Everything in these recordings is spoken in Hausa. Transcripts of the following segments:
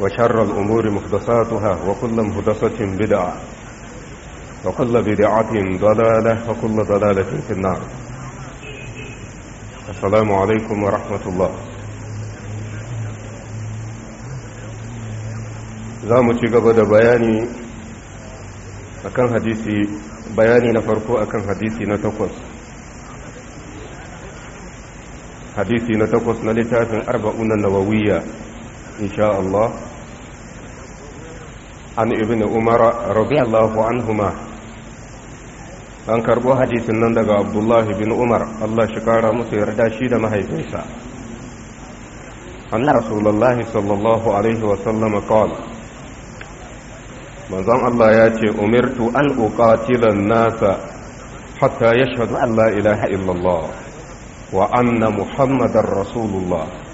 وشر الأمور مهدساتها وكل مهدسة بدعة وكل بدعة ضلالة وكل ضلالة في النار السلام عليكم ورحمة الله زامو تيغبا دا بياني أكن حديثي بياني نفرقو أكن حديثي نتقص حديثي نتقص نلتات أربعون نووية insha Allah an ibn umar radiyallahu anhuma an karbo hadisin nan daga Abdullahi bin umar Allah shi kara musu yarda shi da mahaifinsa anna rasulullahi sallallahu alaihi wa sallama qala manzon Allah ya ce umirtu an uqatilan nasa hatta yashhadu an la ilaha illallah wa anna muhammadar rasulullah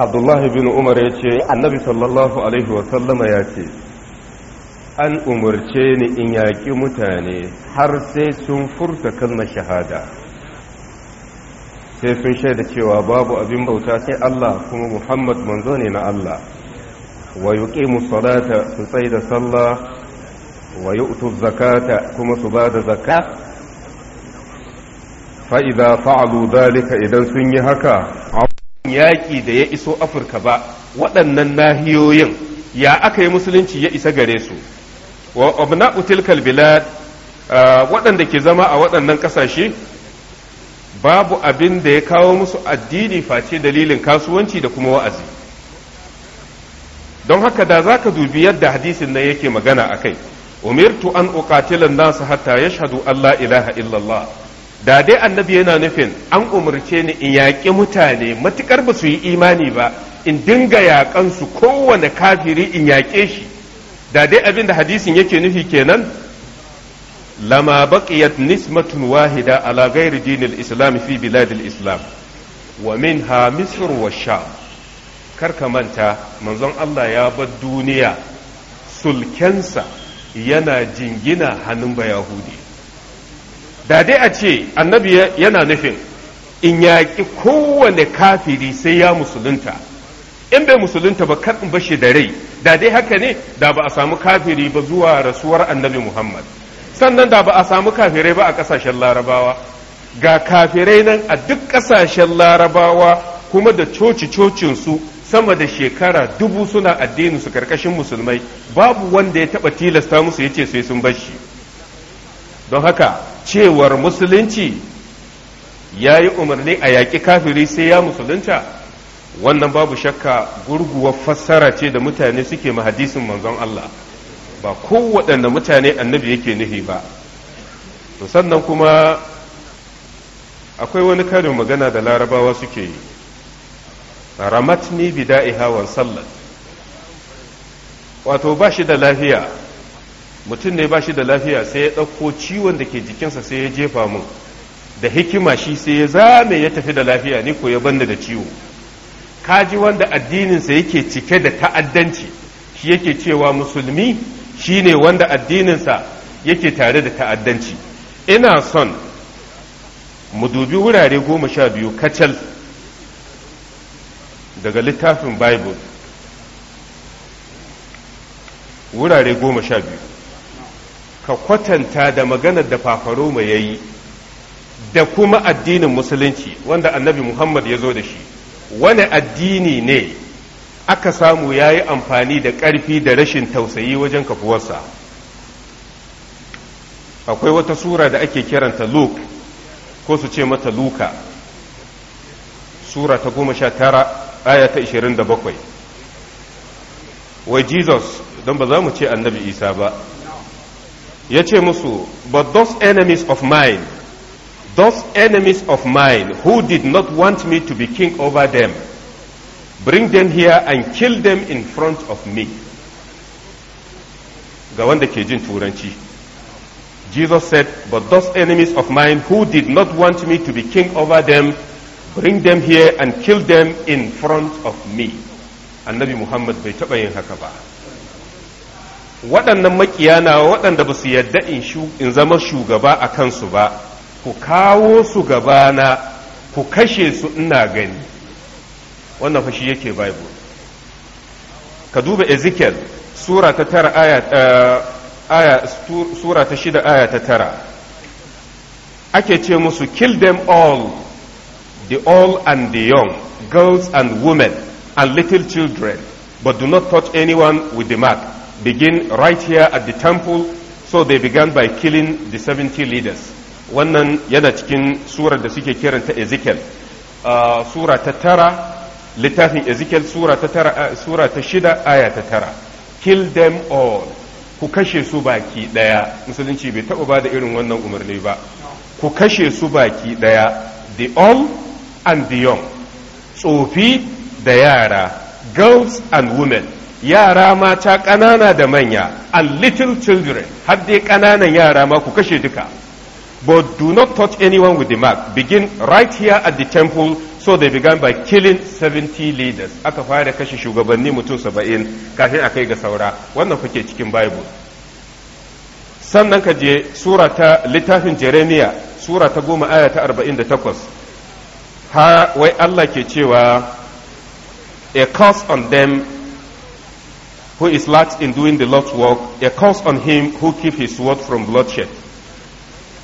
abdullahi bin umar ya ce annabi sallallahu alaihi wasallama ya ce an umarce ni in yaƙi mutane har sai sun furta kalmar shahada sai sun shaida cewa babu abin bauta sai Allah kuma Muhammad manzo ne na Allah wa yuqimu salata su tsai da sallah wa yu'tu zakata kuma su ba da zakka Fa'ida fa'alu zalika idan sun yi haka yaƙi da ya iso afirka ba waɗannan nahiyoyin ya aka yi musulunci ya isa gare su wa abna utilkal bilad waɗanda ke zama a waɗannan ƙasashe babu abin da ya kawo musu addini face dalilin kasuwanci da kuma wa'azi don haka da za ka dubi yadda hadisin nan yake magana a kai umirtu an uqatila nasu hatta yashhadu an la ilaha illallah da dai annabi yana nufin an umarce ni in yaƙi mutane matukar ba su yi imani ba in dinga yaƙansu kowane kafiri in yaƙe shi da dai abin da hadisin yake nufi kenan lama baqiyat nismatun wahida ala ghairi dinil islam fi biladil islam wa minha misr wa sham ka manta manzon Allah ya bar duniya sulkensa yana jingina hannun bayahudi da dai a ce annabi yana nufin in yaƙi kowane kafiri sai ya musulunta in bai musulunta ba kan in bashi da rai da dai haka ne da ba a samu kafiri ba zuwa rasuwar annabi muhammad sannan da ba a samu kafirai ba a ƙasashen larabawa ga kafirai nan a duk ƙasashen larabawa kuma da coci-cocinsu sama da shekara dubu suna addinin su karkashin musulmai babu wanda ya taɓa tilasta musu ya ce sai sun shi. don haka cewar musulunci ya yi umarni a yaƙi kafiri sai ya musulunta wannan babu shakka gurguwar fassara ce da mutane suke mahadisin manzon Allah ba waɗanda mutane annabi yake nufi ba to sannan kuma akwai wani karin magana da larabawa suke yi ramatni bida'iha wa sallat wato ba shi da lafiya mutum ne ba shi da lafiya sai ya ɗauko ciwon da ke jikinsa sai ya jefa mun da hikima shi sai ya zame ya tafi da lafiya ni ko ya banda da ciwo kaji wanda addininsa yake cike da ta'addanci shi yake cewa musulmi shi ne wanda addininsa yake tare da ta'addanci ina son mu dubi wurare goma sha biyu kacal daga littafin bible wurare goma sha biyu ka kwatanta da maganar da fafaroma ya yi da kuma addinin musulunci wanda annabi muhammad ya zo da shi wani addini ne aka samu ya yi amfani da ƙarfi da rashin tausayi wajen kafuwarsa akwai wata sura da ake kiranta luke ko su ce mata luka sura ta goma sha tara aya ta ishirin da bakwai wai jesus don ba za mu ce annabi isa ba ya ce musu but those enemies of mine those enemies of mine who did not want me to be king over them bring them here and kill them in front of me ga wanda ke jin turanci Jesus said but those enemies of mine who did not want me to be king over them bring them here and kill them in front of me annabi Muhammad bai taɓa yin haka ba waɗannan makiya na waɗanda ba su yadda in zama shugaba a kansu ba ku kawo su gabana ku kashe su ina gani wannan fashi yake bible ka duba ezekiel eh, sura ta shida aya ta tara ake ce musu kill them all the old and the young girls and women and little children but do not touch anyone with the mark begin right here at the temple so they began by killing the 70 leaders wannan yana cikin surar da suke kiranta ezekiel uh, sura ta tara littafin ezekiel sura ta tara uh, sura ta shida aya ta tara kill them all ku kashe su baki daya musulunci bai taɓa ba da irin wannan umarni ba ku kashe su baki daya the old and the young tsofi da yara girls and women yara mata ƙanana da manya and little children har dai ƙananan yara ma ku kashe duka but do not touch anyone with the mark begin right here at the temple so they began by killing 70 leaders aka fara kashe shugabanni mutum 70 kafin a kai ga saura wannan kuke cikin bible sannan ka je sura ta littafin jeremiya sura ta goma aya ta 48 ha wai allah ke cewa a curse on them who is lax in doing the Lord's work, a curse on him who keeps his word from bloodshed.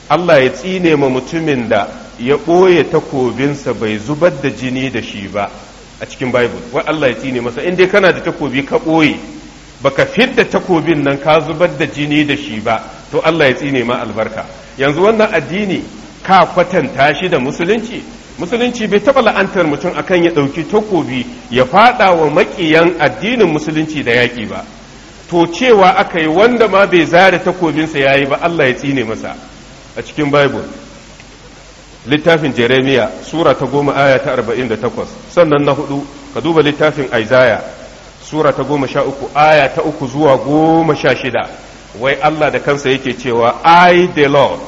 Allah ya tsine ma mutumin da ya ɓoye takobinsa bai zubar da jini da shi ba a cikin Bible. Wai Allah ya tsine masa, in dai kana da takobi ka ɓoye, baka fidda takobin nan ka zubar da jini da shi ba, to Allah ya tsine ma albarka. Yanzu wannan addini ka kwatanta shi da musulunci musulunci bai taɓa la'antar mutum akan ya ɗauki takobi ya faɗa wa maƙiyan addinin musulunci da yaƙi ba to cewa aka yi wanda ma bai zare takobinsa ya yi ba Allah ya tsine masa a cikin bible littafin jeremiya sura ta goma aya ta arba'in da takwas sannan na hudu ka duba littafin aizaya sura ta goma sha uku aya ta uku zuwa goma sha shida wai Allah da kansa yake cewa I the Lord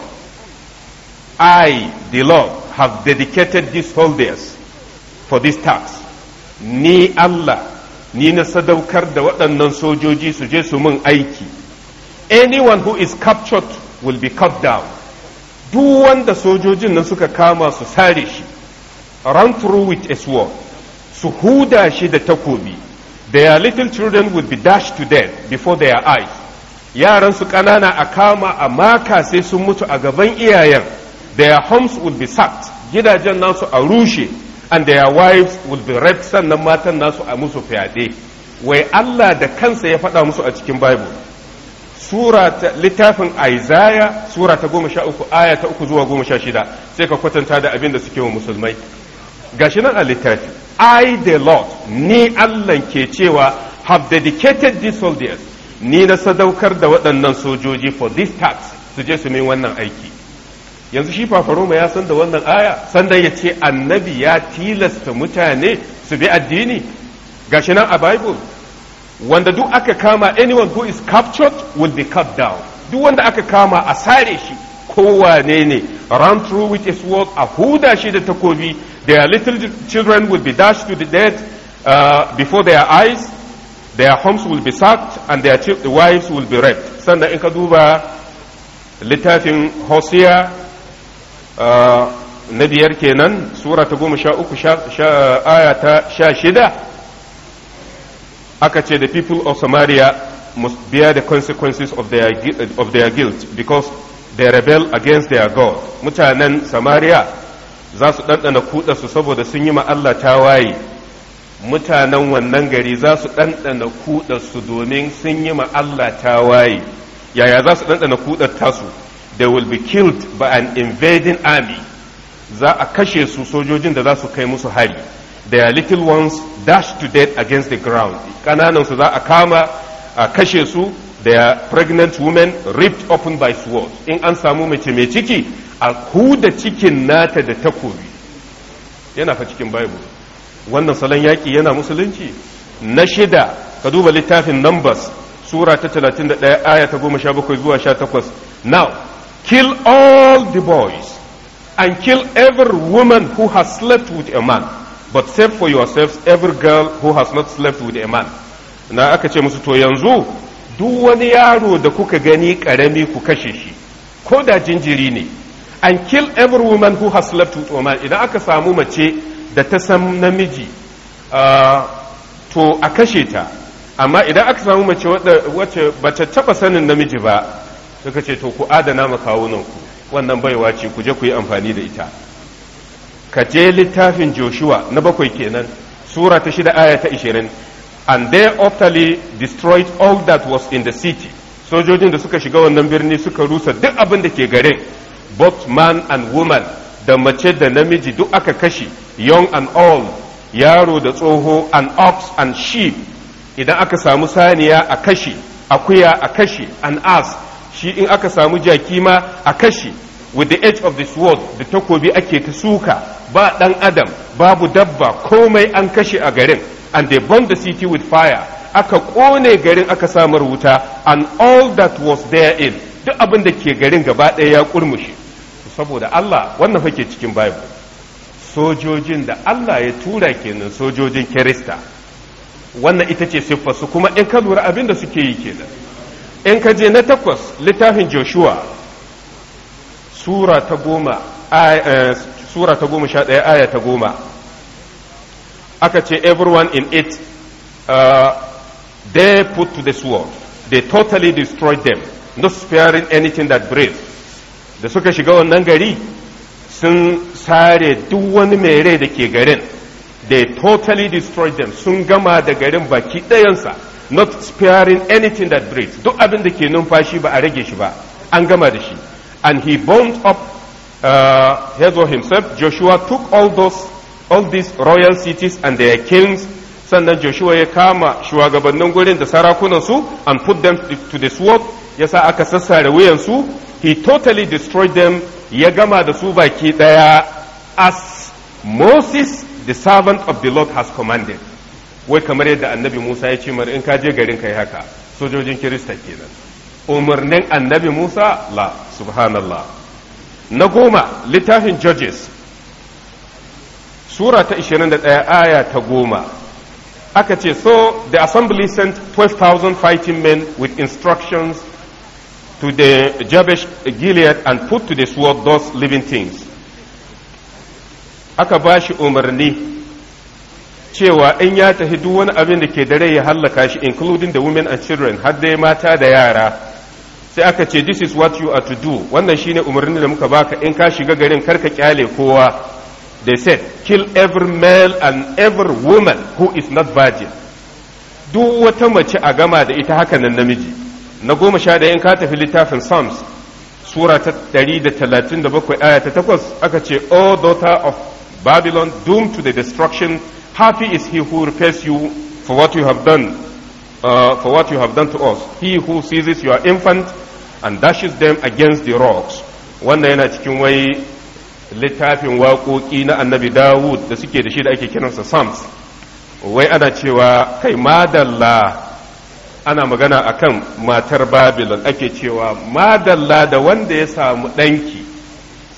I, the Lord, have dedicated these soldiers for this task. Ni Allah, ni na sadaukar da waɗannan sojoji su je su mun aiki. Anyone who is captured will be cut down. Duk wanda sojojin nan suka kama su sare shi, run through with a sword, su huda shi da takobi. Their little children would be dashed to death before their eyes. Yaran su ƙanana a kama a maka sai sun mutu a gaban iyayen. their homes would be sacked gidajen nasu a rushe and their wives would be raped sannan matan nasu a musu fyaɗe wai Allah da kansa ya faɗa musu a cikin bible sura ta littafin Isaiah sura ta goma uku aya ta uku zuwa goma shida sai ka kwatanta da abin da suke wa musulmai gashi nan a littafi I the Lord ni Allah ke cewa have dedicated these soldiers ni na sadaukar da waɗannan sojoji for this task su je su min wannan aiki yanzu shi fafaroma ya san da wannan aya Sandan ya ce annabi ya tilasta mutane su bi addini gashi nan a bible wanda duk aka kama anyone who is captured will be cut down duk wanda aka kama a sare shi kowane ne run through with his work a huda shi da takobi their little children will be dashed to the dead uh, before their eyes their homes will be sacked and their wives will be raped sannan in ka duba littafin hosiya na biyar kenan sura ta goma sha uku aya ta sha shida aka ce the people of samaria must bear the consequences of their, of their guilt because they rebel against their god mutanen samaria za su ɗanɗana kuɗarsu saboda sun yi ta waye. mutanen wannan gari za su ɗanɗana kuɗarsu domin sun yi Allah waye. yaya za su ɗanɗana kuɗar tasu they will be killed by an invading army za a kashe su sojojin da za su kai musu hari their little ones dashed to death against the ground kananan su za a kama a kashe su their pregnant women ripped open by swords in an samu mace mai ciki a huda cikin nata da takobi yana fa cikin bible wannan salon yaki yana musulunci na shida ka duba littafin numbers sura ta 31 aya ta 17 zuwa 18 now Kill all the boys and kill every woman who has slept with a man, but save for yourselves every girl who has not slept with a man. Na aka ce musu to yanzu duk wani yaro da kuka gani karami ku kashe shi, ko da jinjiri ne, and kill every woman who has slept with a man. Idan aka samu mace da ta san namiji, ah, to a kashe ta. Amma idan aka samu mace wacce ba ta taba sanin namiji ba, suka ce to ku adana makawunan ku wannan baiwa ce ku je ku yi amfani da ita ka je littafin joshua na bakwai kenan sura ta shida aya ta ishirin and they utterly destroyed all that was in the city sojojin da suka shiga wannan birni suka rusa duk abin da ke garin both man and woman da mace da namiji duk aka kashe young and old yaro da tsoho and ox and sheep idan aka samu saniya a kashe akuya a kashe an ass shi in aka samu jaki ma a kashe with the edge of the sword da takobi ake ta suka ba dan adam babu dabba komai an kashe a garin and they burn the city with fire aka kone garin aka samar wuta and all that was there in duk abin da ke garin gaba ɗaya ya kurmushe saboda Allah wannan fake cikin bible sojojin da Allah ya tura kenan sojojin kirista wannan ita ce siffarsu kuma in ka lura abin da suke yi kenan in ka je na takwas littafin joshua sura ta goma eh, sura ta goma sha ɗaya aya ta goma aka ce everyone in it uh, they put to the sword they totally destroyed them not sparing anything that breathes da suka shiga wannan gari sun sare duk wani mai rai da ke garin they totally destroyed them sun gama da garin baki ɗayansa not sparing anything that breathes duk abin da ke numfashi ba a rage shi ba an gama da shi and he bound up uh, Hezo himself Joshua took all those all these royal cities and their kings sannan Joshua ya kama shugabannin gurin da sarakunan su and put them to the sword yasa aka sassare wuyan su he totally destroyed them ya gama da su baki daya as Moses the servant of the Lord has commanded wai kamar yadda annabi Musa ya ce mar in ka je garin kai haka sojojin Kirista kenan umarnin annabi Musa la subhanallah na goma littafin judges sura ta 21 aya ta goma aka ce so the assembly sent 12,000 fighting men with instructions to the Jabesh Gilead and put to the sword those living things aka ba shi umarni cewa in ya tafi duk wani abin da ke da rai ya hallaka shi including the women and children har dai mata da yara sai aka ce this is what you are to do wannan shine umarnin da muka baka in ka shiga garin karka kyale kowa they said kill every male and every woman who is not virgin duk wata mace a gama da ita haka nan namiji na goma sha ɗaya in ka tafi littafin psalms sura ta 137 aya ta 8 aka ce all daughter of babylon doomed to the destruction Happy is he who repays you for what you have done, uh, for what you have done to us. He who seizes your infant and dashes them against the rocks. Wannan yana cikin wai littafin waƙoƙi na annabi Dawud da suke da shi da ake kiransa Psalms. Wai ana cewa kai madalla ana magana akan matar Babylon ake cewa madalla da wanda ya samu ɗanki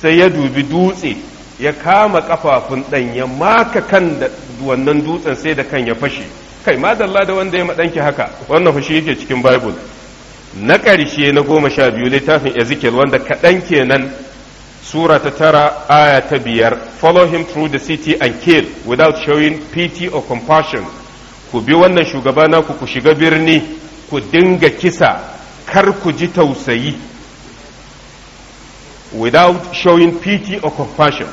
sai ya dubi dutse ya kama kafafun ɗan ya maka kan da wannan dutsen sai da kan ya fashe kai madalla da wanda ya maɗanki haka wannan fashe yake cikin bible na ƙarshe na goma sha biyu littafin ezekiel wanda kaɗan kenan sura ta tara aya ta biyar follow him through the city and kill without showing pity or compassion ku bi wannan shugaba ku ku shiga birni ku dinga kisa kar ku ji tausayi without showing pity or compassion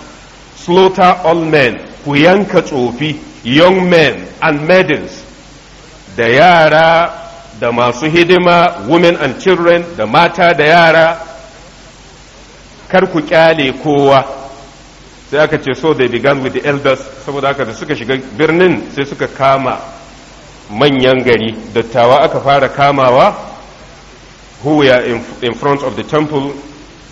slaughter all men ku yanka tsofi young men and maidens da yara da masu hidima women and children da mata da yara kar ku kyale kowa sai aka ce so they began with the elders saboda haka da suka shiga birnin sai suka kama manyan gari dattawa aka fara kamawa who were in, in front of the temple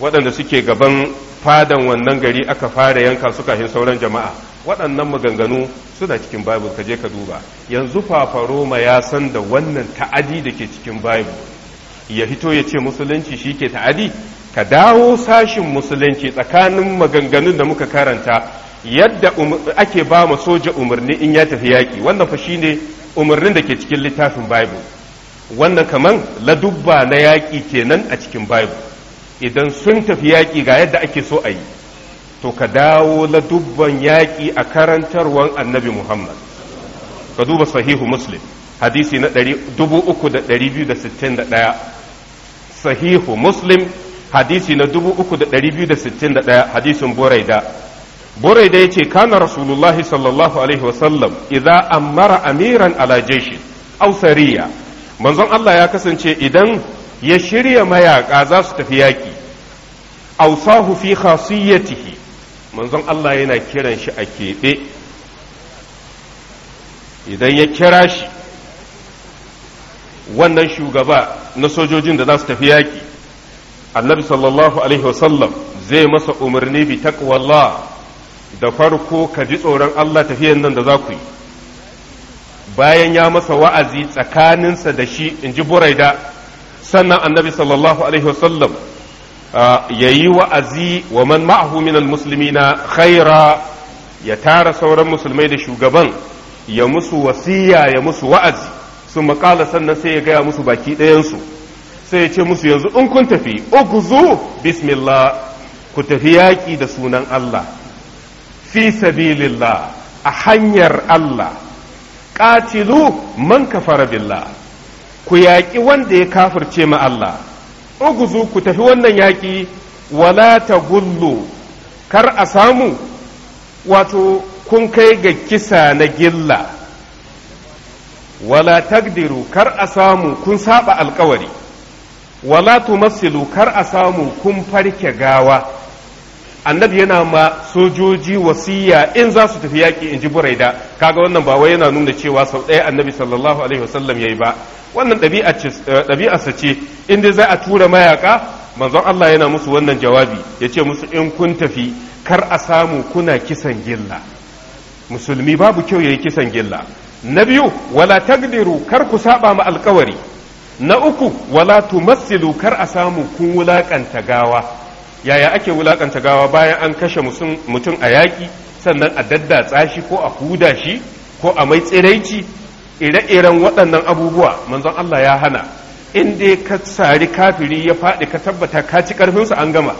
waɗanda suke gaban fadan wannan gari aka fara yanka su kafin sauran jama'a waɗannan maganganu suna cikin bible ka je ka duba yanzu fafaroma ya san da wannan ta'adi da ke cikin bible ya hito ya ce musulunci shi ke ta'adi ka dawo sashin musulunci tsakanin maganganun da muka karanta yadda um-, ake ba ma soja umarni in ya tafi yaƙi wannan fa shine umarnin da ke cikin littafin bible wannan kaman ladubba na yaƙi kenan a cikin bible idan sun tafi yaƙi ga yadda ake so a yi to ka dawo la dubban yaƙi a karantarwan annabi muhammad ka duba sahihu muslim hadisi na 3,261 sahihu muslim hadisi na 3,261 hadisin buraida buraida ya ce kana rasulullahi sallallahu alaihi wasallam idza ammara amiran ala jeshin aw sariya manzon Allah ya kasance idan ya shirya mayaka za su tafi yaƙi ausahu fi khasiyatihi manzon Allah yana kiran shi a keɓe idan ya kira shi wannan shugaba na sojojin da za su tafi yaƙi annabi sallallahu alaihi wasallam zai masa umarni bi taqwallah da farko ka ji tsoron Allah tafiyan nan da za ku yi bayan ya masa wa'azi tsakaninsa da shi in ji buraida sannan annabi sallallahu alaihi wasallam ya yi wa'azi wa man ma'ahu minal khaira ya tara sauran musulmai da shugaban ya musu wasiya ya musu wa'azi su makala sannan sai ya gaya musu baki ɗayansu sai ya ce musu yanzu in kun tafi ugzu bismillah ku tafi yaƙi da sunan Allah fi sabilillah a hanyar Allah ƙatilu man kafara billah ku yaƙi wanda ya kafirce ma Allah uguzu ku tafi wannan yaƙi wala ta gullo, kar a samu wato kun kai ga kisa na gilla wala tagdiru kar a samu kun saba alkawari wala tumassilu kar a samu kun farke gawa annabi yana ma sojoji wasiya in za su tafi yaƙi in ji buraida kaga wannan ba wai yana nuna cewa sau ɗaya annabi sallallahu alaihi wasallam yi ba wannan eh, ɗabi'arsa ce in za a tura mayaka manzon Allah yana musu wannan jawabi ya ce musu in kun tafi kar a samu kuna kisan gilla musulmi babu kyau ya yi kisan gilla na biyu wala tagdiru kar ku saba ma alkawari na uku wala tumassilu kar a samu kun wulaƙanta gawa yaya ake wulaƙanta gawa bayan an kashe mutum a yaƙi sannan a daddatsa shi ko a huda shi ko a mai tsiraici ire-iren waɗannan abubuwa manzon Allah ya hana in dai ka sari kafiri ya faɗi ka tabbata ka ci ƙarfinsu an gama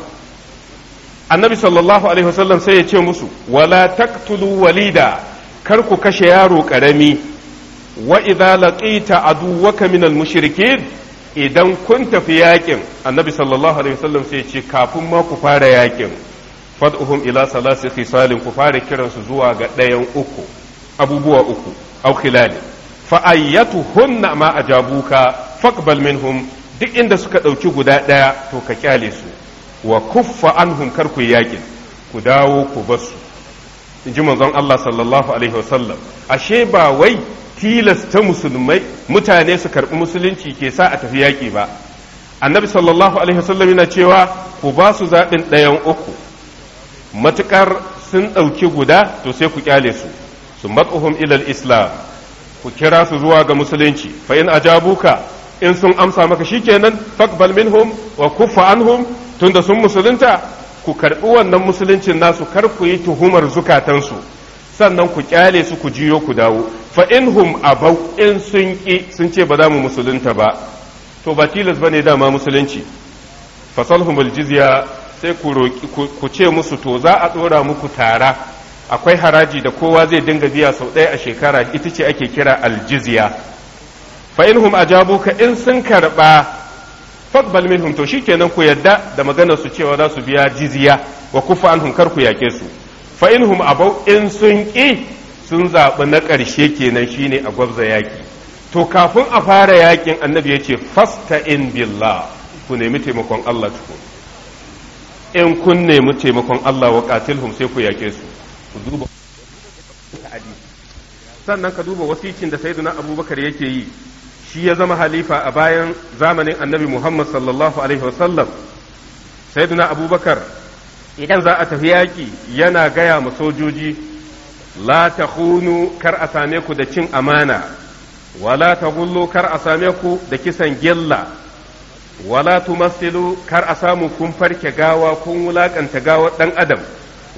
annabi sallallahu alaihi wasallam sai ya ce musu wala taqtulu walida kar ku kashe yaro ƙarami wa idza laqita aduwwaka minal mushrikin idan kun tafi yakin annabi sallallahu alaihi wasallam sai ya ce kafin ma ku fara yakin fad'uhum ila salasi khisalin ku fara kiransu zuwa ga ɗayan uku abubuwa uku au khilalin hunna ma ajabuka faqbal minhum duk inda suka ɗauki guda ɗaya to ka kyale su wa kuffa anhum kar ku yakin ku dawo ku basu in ji manzon Allah sallallahu alaihi wasallam ashe ba wai tilasta musulmai mutane su karɓi musulunci ke sa a tafi yaƙi ba annabi sallallahu alaihi wasallam yana cewa ku ba su zaɓin ɗayan uku matuƙar sun ɗauki guda to sai ku kyale su su matsuhum ilal islam ku kira su zuwa ga musulunci fa in ajabuka in sun amsa maka shikenan faqbal minhum wa kuffa anhum tunda sun musulunta ku karbi wannan musuluncin nasu kar ku yi tuhumar zukatansu sannan ku kyale su ku jiyo ku dawo fa inhum hum abau in sun ki sun ce ba za mu musulunta ba to ba tilas bane dama musulunci fasalhumul jizya sai ku roki ku ce musu to za a tsora muku tara akwai haraji da kowa zai dinga biya sau ɗaya a shekara ita ce ake kira aljiziya fa a ajabu ka in sun karɓa faqbal minhum to kenan ku yadda da maganar su cewa za su biya jiziya wa kufa anhum kar ku yake su fa a abau in sun ƙi sun zaɓi na ƙarshe kenan shine a gwabza yaƙi to kafin a fara yaƙin annabi ya ce fasta in billah ku nemi taimakon Allah tukun in kun nemi taimakon Allah wa qatilhum sai ku yake su ku sannan ka duba wasicin da sayyiduna abubakar yake yi shi ya zama halifa a bayan zamanin annabi muhammad sallallahu alaihi wasallam sayyiduna abubakar idan za a tafi yaƙi yana gaya ma sojoji la ta kar a same ku da cin amana wala ta gullo kar a same ku da kisan gilla wala tumassilu kar a samu kun farke gawa kun wulaƙanta gawar ɗan adam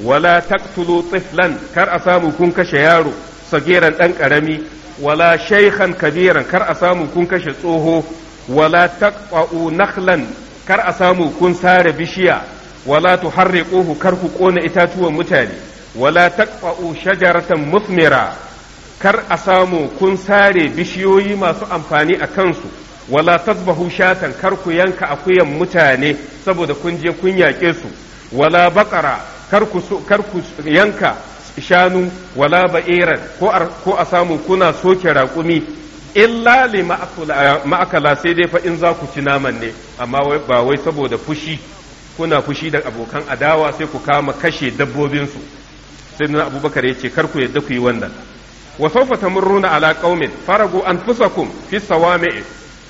wala taqtulu tiflan kar a samu kun kashe yaro sagiran dan karami wala shaykhan kabiran kar a samu kun kashe tsoho wala taqta'u nakhlan kar a samu kun sare bishiya wala tuharriquhu kar ku kona itatuwan mutane wala taqta'u shajaratan musmira kar a samu kun sare bishiyoyi masu amfani a kansu wala tasbahu shatan kar ku yanka akuyan mutane saboda kun je kun yaƙe su wala baƙara kar ku yanka shanu wala ba'iran ko a samu kuna soke raƙumi illa li ma'akala sai dai fa in za ku ci naman ne amma ba wai saboda fushi kuna fushi da abokan adawa sai ku kama kashe dabbobinsu sai na abubakar ya ce karku ku yadda ku yi wannan wa sawfa tamurruna ala qaumin faragu anfusakum fi sawami'i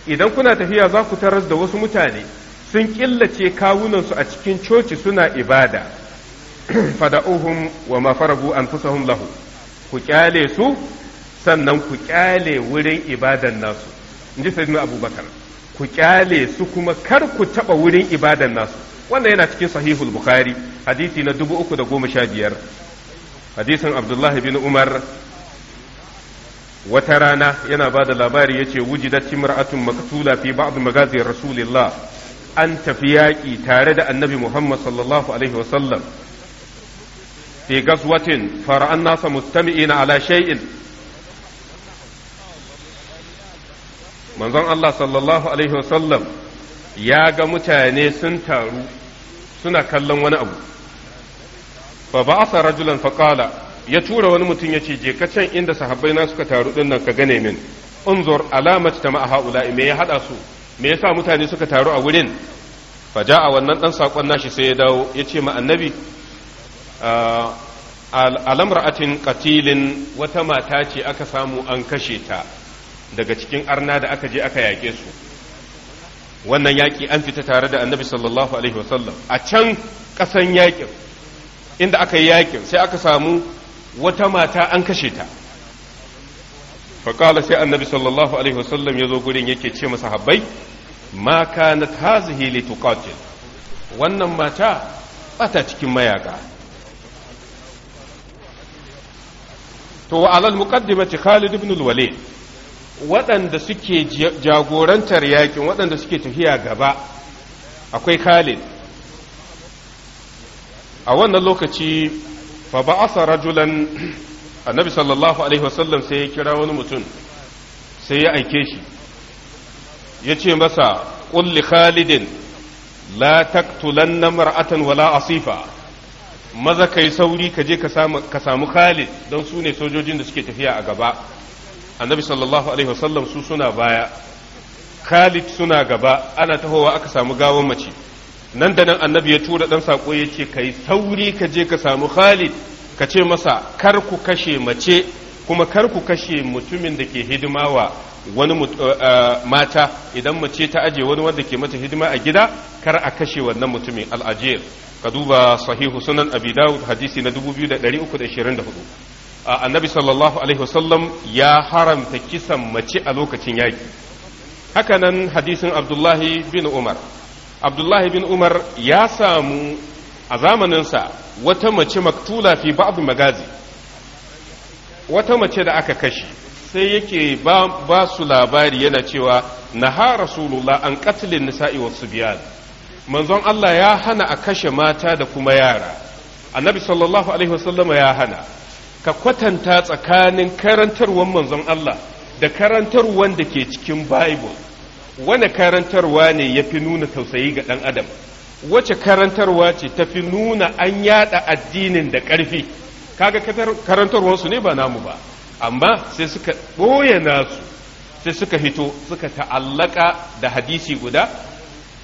idan kuna tafiya za ku taras da wasu mutane sun killace kawunansu a cikin coci suna ibada fada'uhum wa ma faragu anfusahum lahu ku kyale su sannan ku kyale wurin ibadan nasu in ji sayyidina abubakar ku kyale su kuma kar ku taba wurin ibadan nasu wannan yana cikin sahihul bukhari hadisi na 315 hadisin abdullah bin umar wata rana yana ba da labari ya ce wujidat imra'atun maktula fi ba'd magazin rasulillah an tafi yaƙi tare da annabi muhammad sallallahu alaihi wasallam fi gaswatin fara'an nasa mustami'ina ala shay'in manzon Allah sallallahu alaihi wasallam ya ga mutane sun taru suna kallon wani abu fa ba'asa rajulan faqala ya tura wani mutum yace je ka can inda sahabbai na suka taru din nan ka gane min unzur alamat ta ma haula ya haɗa su me yasa mutane suka taru a wurin fa ja'a wannan ɗan sakon nashi sai ya dawo ya ce ma annabi al'amra'atin katilin wata mata ce aka samu an kashe ta daga cikin arna da aka je aka yaƙe su wannan yaƙi an fita tare da annabi sallallahu alaihi wasallam a can ƙasan yaƙin inda aka yi yaƙin sai aka samu wata mata an kashe ta faƙala sai annabi sallallahu alaihi wasallam ya zo gurin yake ce masa habbai ma kanat hazihi li tuqatil wannan mata bata cikin mayaka to alal muqaddimati Khalid ibn al-Walid waɗanda suke jagorantar yakin waɗanda suke tafiya gaba akwai Khalid a wannan lokaci fa ba'asa rajulan annabi sallallahu alaihi wasallam sai ya kira wani mutum sai ya aike shi ya ce masa kulli khalidin la taqtulanna mar'atan wala asifa maza ka yi sauri ka je ka samu khalid don su ne sojojin da suke tafiya a gaba annabi sallallahu alaihi wasallam su suna baya khalid suna gaba ana tahowa aka samu gawan mace nan da nan annabi ya tura dan sako ya ce ka sauri ka je ka samu khalid ka ce masa kar ku kashe mace kuma kar ku kashe mutumin da ke hidima wa wani eh, eh, mata idan mace ta aje wani wanda ke mata hidima a gida kar a kashe wannan mutumin al'ajir ka duba sahihu sunan abi dawud hadisi na 2324 annabi sallallahu alaihi wasallam ya haramta kisan mace a lokacin yaki hakanan hadisin abdullahi bin umar abdullahi bin umar ya samu a zamaninsa wata mace maktula fi ba'd magazi wata mace da aka kashe sai yake ba su labari yana cewa naha rasulullah an qatlin nisa'i wasu biyar. manzon Allah ya hana a kashe mata da kuma yara annabi sallallahu alaihi wasallama ya hana ka kwatanta tsakanin karantarwar manzon Allah da karantarwar da ke cikin bible wane karantarwa ne ya fi nuna tausayi ga ɗan adam wace karantarwa ce ta fi nuna an yada addinin da ƙarfi kaga karantarwarsu ne ba namu ba amma sai suka ɓoye nasu sai suka hito suka ta'allaka da hadisi guda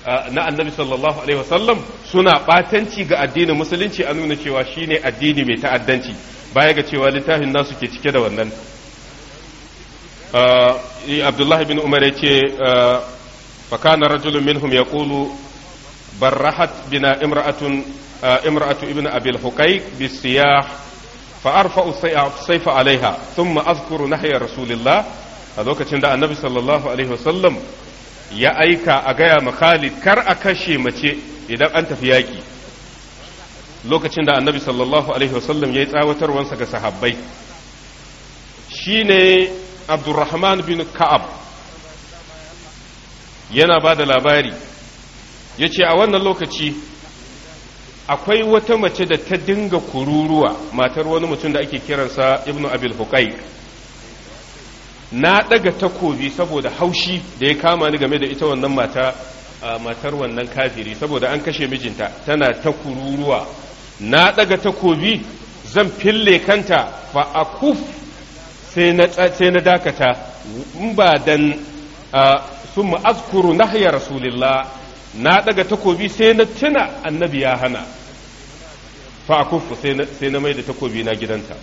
na annabi sallallahu alaihi wasallam suna batanci ga addinin musulunci a nuna cewa shine addini mai ta'addanci baya ga cewa littafin nasu ke cike da wannan abdullah bin umar ya ce kana rajulun minhum kulu barrahat bina imra'atun imra'atu ibn abil huqayq bisiyah fa arfa'u sayfa alaiha thumma azkuru nahya rasulillah a lokacin da annabi sallallahu alaihi wasallam ya aika a gaya ma Khalid kar a kashe mace idan an tafi yaƙi lokacin da annabi sallallahu alaihi wasallam ya yi tsawatarwansa ga sahabbai shine abdurrahman bin ka'ab yana ba da labari ya ce a wannan lokaci akwai wata mace da ta dinga kururuwa matar wani mutum da ake kiransa ibnu abil huqaiq na daga takobi saboda haushi da ya kama ni game da ita wannan mata matar wannan kafiri saboda an kashe mijinta tana ta kururuwa na daga takobi zan fille kanta fa akuf sai sai na dakata in ba dan summa azkuru nahya rasulillah na daga takobi sai na tuna annabi ya hana fa akuf sai na mai da takobi na gidanta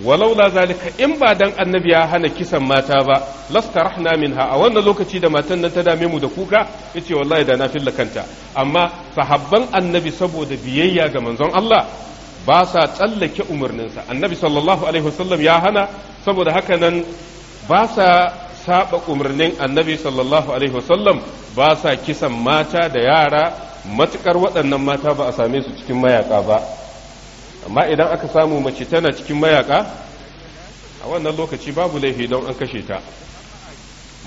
walaula zalika in ba dan annabi ya hana kisan mata ba lastarahna minha a wannan lokaci da matan nan ta dame mu da kuka yace wallahi da na filla kanta amma sahabban annabi saboda biyayya ga manzon Allah ba sa tsallake umarninsa annabi sallallahu alaihi wasallam ya hana saboda haka nan ba sa saba umarnin annabi sallallahu alaihi wasallam ba sa kisan mata da yara matukar waɗannan mata ba a same su cikin mayaka ba amma idan aka samu mace tana cikin mayaka a wannan lokaci babu laifi don an kashe ta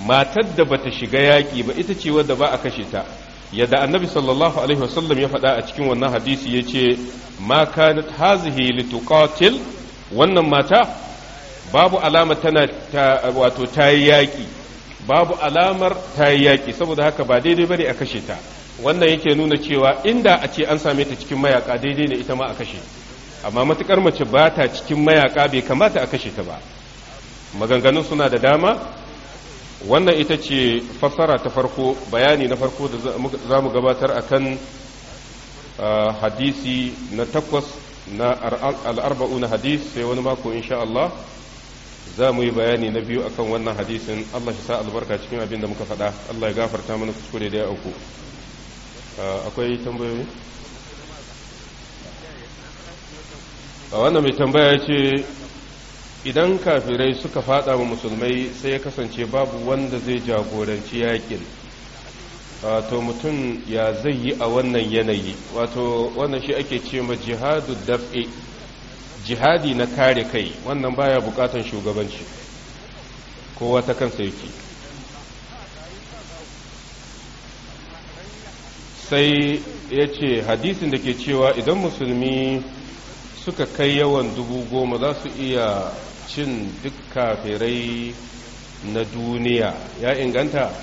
matar da bata shiga yaƙi ba ita ce wadda ba a kashe ta yadda annabi sallallahu alaihi wasallam ya faɗa a cikin wannan hadisi ya ce ma kanat hazihi lituqatil wannan mata babu alama tana wato tayi yaƙi babu alamar tayi yaƙi saboda haka ba daidai bane a kashe ta wannan yake nuna cewa inda a ce an same ta cikin mayaka daidai ne ita ma a kashe amma matukar mace ba ta cikin mayaka bai kamata a kashe ta ba maganganun suna da dama wannan ita ce fassara ta farko bayani na farko da za mu gabatar akan hadisi na takwas na al'arba'u na hadis sai wani mako insha Allah za mu yi bayani na biyu akan wannan hadisin Allah shi sa albarka cikin abin da muka faɗa Allah ya gafarta mana kuskure da ya auku akwai tambayoyi a wannan mai tambaya ce idan kafirai suka fada wa musulmai sai ya kasance babu wanda zai jagoranci yakin wato mutum ya zai yi a wannan yanayi wato wannan shi ake ce ma jihadu daf'e jihadi na kare kai wannan baya bukatan shugabanci kowa ta kansa yake sai ya ce hadisin da ke cewa idan musulmi suka kai yawan dubu goma za su iya cin duk kafirai na duniya ya inganta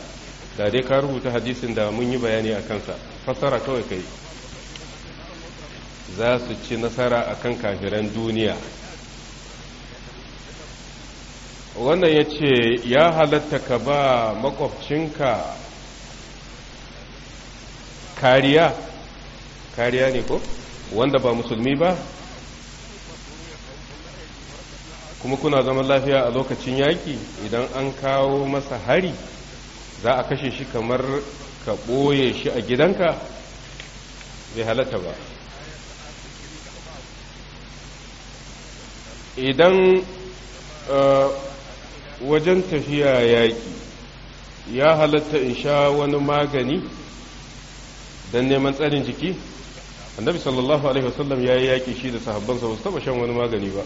da dai ka rubuta hadisin da mun yi bayani a kansa fassara kawai kai za su ci nasara a kan kafiran duniya wannan ya ce ya halatta ka ba makwabcinka kariya kariya ne ko wanda ba musulmi ba kuma kuna zaman lafiya a lokacin yaƙi idan an kawo masa hari za a kashe shi kamar ka ɓoye shi a gidanka bai halatta ba idan uh, wajen tafiya yaƙi ya halatta in sha wani magani don neman tsarin jiki annabi sallallahu alaihi wasallam ya yi yaƙi shi da sahabbansa ba su taɓa shan wani magani ba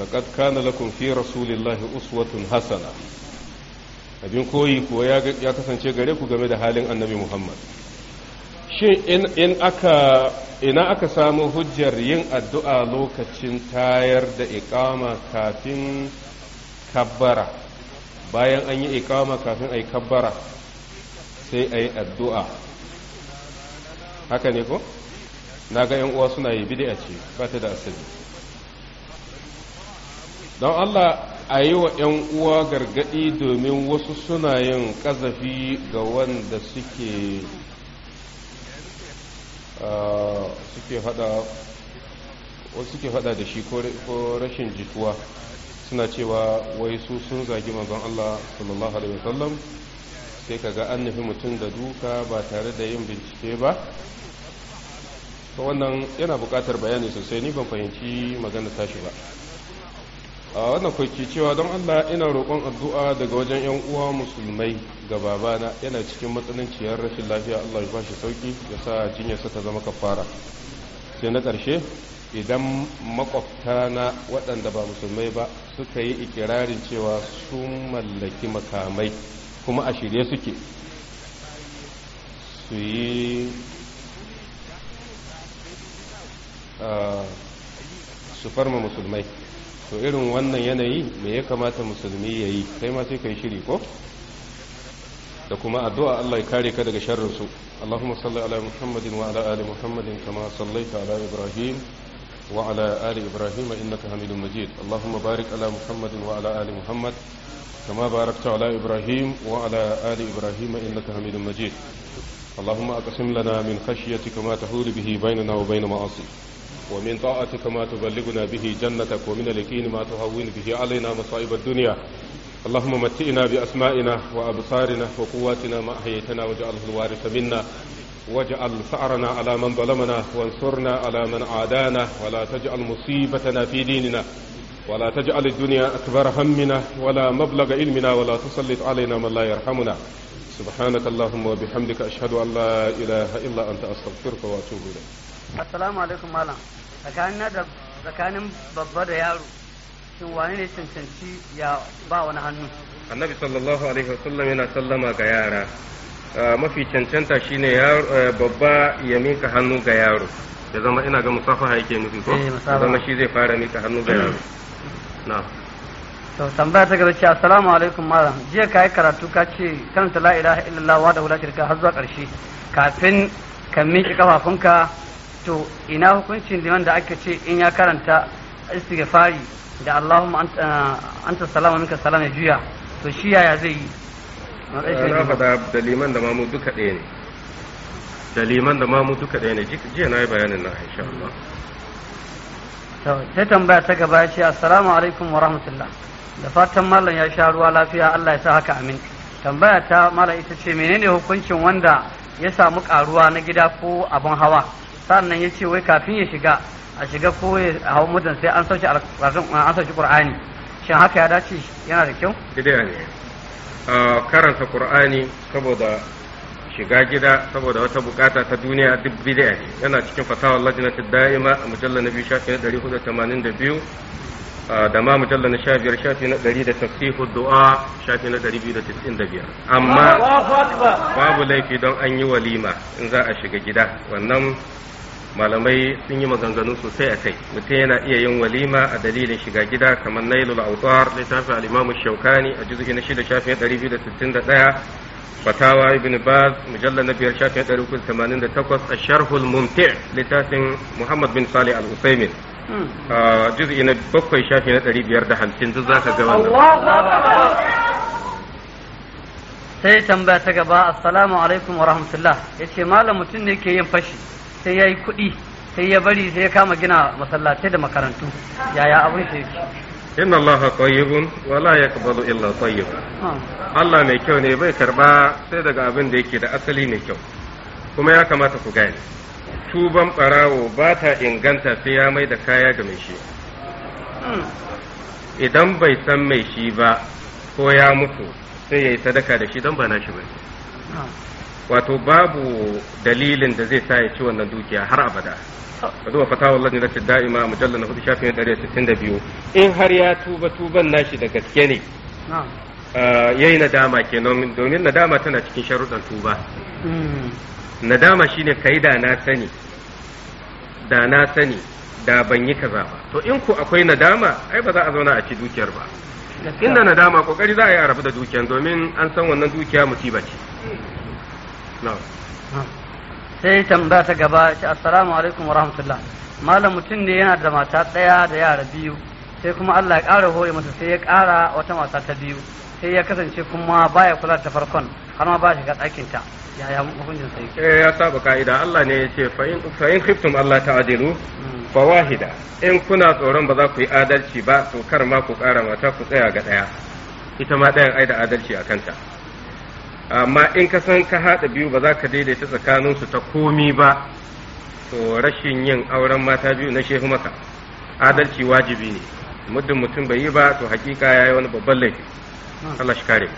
laqad kana lakum fi rasulillahi uswatun Hassana abin koyi kuwa ya kasance gare ku game da halin annabi muhammad shin in aka ina aka samu hujjar yin addu'a lokacin tayar da ikama kafin kabbara bayan an yi iqama kafin a yi kabbara sai a yi addu'a haka ne ko na ga uwa suna yi bidi a ce ba ta da asali don Allah a yi wa 'yan uwa gargaɗi domin wasu suna yin ƙazafi ga wanda suke da shi ko rashin jituwa suna cewa wai su sun zagi don Allah sallallahu alaihi wasallam sai kaga an nufi mutum da duka ba tare da yin bincike ba wannan yana buƙatar bayani sosai ni ban fahimci magana tashi ba a wannan kwaki cewa don Allah ina roƙon addu'a daga wajen yan uwa musulmai ga babana yana cikin matsananciyar rashin lafiya Allah ya ba shi sauki ya sa jinyarsa ta zama kafara sai na ƙarshe idan makwabta na waɗanda ba musulmai ba suka yi ikirarin cewa sun mallaki makamai kuma a shirye suke su yi ah, su farma musulmai to irin wannan yanayi me ya kamata musulmi ya yi kai ma sai ka yi shiri ko da kuma addu'a Allah ya kare ka daga sharrinsu Allahumma salli ala Muhammadin wa ala ali Muhammadin kama sallaita ala Ibrahim wa ala ali Ibrahim innaka Hamidum Majid Allahumma barik ala Muhammadin wa ala ali Muhammad kama barakta كما باركت على إبراهيم وعلى آل إبراهيم إنك حميد مجيد اللهم أقسم لنا من خشيتك ما تحول به بيننا وبين معاصيك ومن طاعتك ما تبلغنا به جنتك ومن اليقين ما تهون به علينا مصائب الدنيا اللهم متئنا بأسمائنا وأبصارنا وقواتنا ما أحييتنا واجعله الوارث منا واجعل ثأرنا على من ظلمنا وانصرنا على من عادانا ولا تجعل مصيبتنا في ديننا ولا تجعل الدنيا أكبر همنا ولا مبلغ علمنا ولا تسلط علينا من لا يرحمنا سبحانك اللهم وبحمدك أشهد أن لا إله إلا أنت أستغفرك وأتوب إليك السلام عليكم ورحمة tsakanin babba da yaro shin wani ne cancanci ya ba wani hannu annabi sallallahu alaihi wasallam yana sallama ga yara mafi cancanta shine e, babba ya mika hannu ga yaro ya zama ina ga musafaha yake nufi ko eh, zama shi zai fara mika hannu ga yaro na to tambaya ta gaba ce assalamu alaikum malam jiya kai karatu ka ce karanta la ilaha illallah wa da wala shirka har zuwa karshe kafin ka miƙe kafafunka to ina hukuncin wanda aka ce in ya karanta istighfari da Allahumma anta eh, salama minka salama juya to shi yaya zai yi na faɗa da liman da mamu duka ɗaya ne da liman da mamu duka ɗaya ne jiya na yi bayanin na insha Allah sai tambaya ta gaba ce assalamu alaikum wa rahmatullah da fatan Mallam ya sha ruwa lafiya Allah ya sa haka amin tambaya ta malam ita ce menene hukuncin wanda ya samu karuwa na gida ko abin hawa nan ya ce wai kafin ya shiga a shiga ko ya hau mutum sai an sauke an sauke qur'ani shin haka ya dace yana da kyau bid'a ne karanta qur'ani saboda shiga gida saboda wata bukata ta duniya duk bid'a ne yana cikin fatawar lajnatul da'ima a mujallal nabi shafi na 482 da ma mujallal shafiyar shafi na 100 da tafsihu du'a shafi na 295 amma babu laifi don an yi walima in za a shiga gida wannan malamai sun yi maganganu sosai a kai mutum yana iya yin walima a dalilin shiga gida kamar nailul autar littafin Alimamu shaukani a juzu'i na shida shafin ɗaya fatawa ibn baz mujallar na biyar shafin takwas a sharhul mumti' littafin muhammad bin salih al-usaimin hmm. a juzu'i na bakwai shafi na hamsin duk ka ga wannan sai tambaya ta gaba assalamu alaikum wa rahmatullah ya ce malam mutum ne ke yin fashi sai ya yi kuɗi sai ya bari sai ya kama gina masallatai da makarantu yaya abin shi inna allaha tayyibun wa la yaqbalu illa tayyib ah. Allah mai kyau ne bai karba sai daga abin da yake da asali mai kyau kuma ya kamata ku gane tuban barawo ba ta inganta sai ya mai da kaya ga mai shi hmm. idan bai san mai shi ba ko ya mutu sai ya yi sadaka da shi don ba na shi ba ah. wato babu dalilin da zai sa ci wannan dukiya har abada ka zuwa fatawa Allah ne na da'ima mujalla na hudu shafin ɗari sittin da biyu in har ya tuba tuban nashi da gaske ne ah, yayi nadama kenan domin nadama tana cikin sharuɗan tuba mm. nadama shine kai da na sani da na sani da ban yi kaza ba to in ku akwai nadama ai ba za a zauna a ci dukiyar ba inda nadama kokari za a yi a rabu da dukiyar domin an san wannan dukiya musiba ce sai tambaya ta gaba ce assalamu alaikum wa rahmatullah malam mutum ne yana da mata ɗaya da yara biyu sai kuma Allah ya ƙara hore masa sai ya ƙara wata mata ta biyu sai ya kasance kuma baya kula da farkon har ma ba shiga ɗakin ta yaya hukuncin sai eh ya saba ka'ida Allah ne ya ce fa in fa in khiftum Allah ta'dilu hmm. fa wahida in kuna tsoron ba za ku yi adalci ba to kar ma ku ƙara mata ku tsaya ga ɗaya ita ma ɗayan ai da adalci a kanta amma in ka san ka haɗa biyu ba za ka daidaita tsakaninsu ta komi ba to rashin yin auren mata biyu na shehu maka adalci wajibi ne muddin mutum bai yi ba to hakika ya yi wani babban laifi Allah shi kare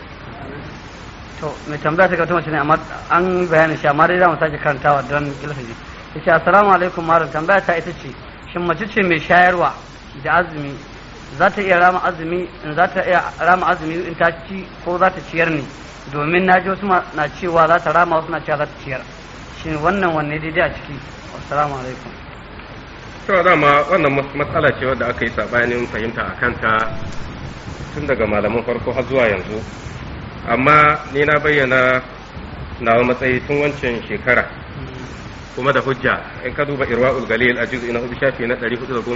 to mai tambaya ta kanta ne amma an bayani shi amma dai za mu sake karantawa don gilfin ji yace assalamu alaikum malam tambaya ta ita ce shin mace ce mai shayarwa da azumi za ta iya rama azumi in za ta iya rama azumi in ta ci ko za ta ciyar ne domin na ji wasu na cewa za ta rama wasu na cewa za ta ciyar shin wannan wanne daidai a ciki assalamu alaikum to dama wannan matsala ce wadda aka yi sabanin fahimta a kanta tun daga malaman farko har zuwa yanzu amma ni na bayyana na matsayi tun wancan shekara kuma da hujja in ka duba irwa'ul galil a juz'i na hudu shafi na 419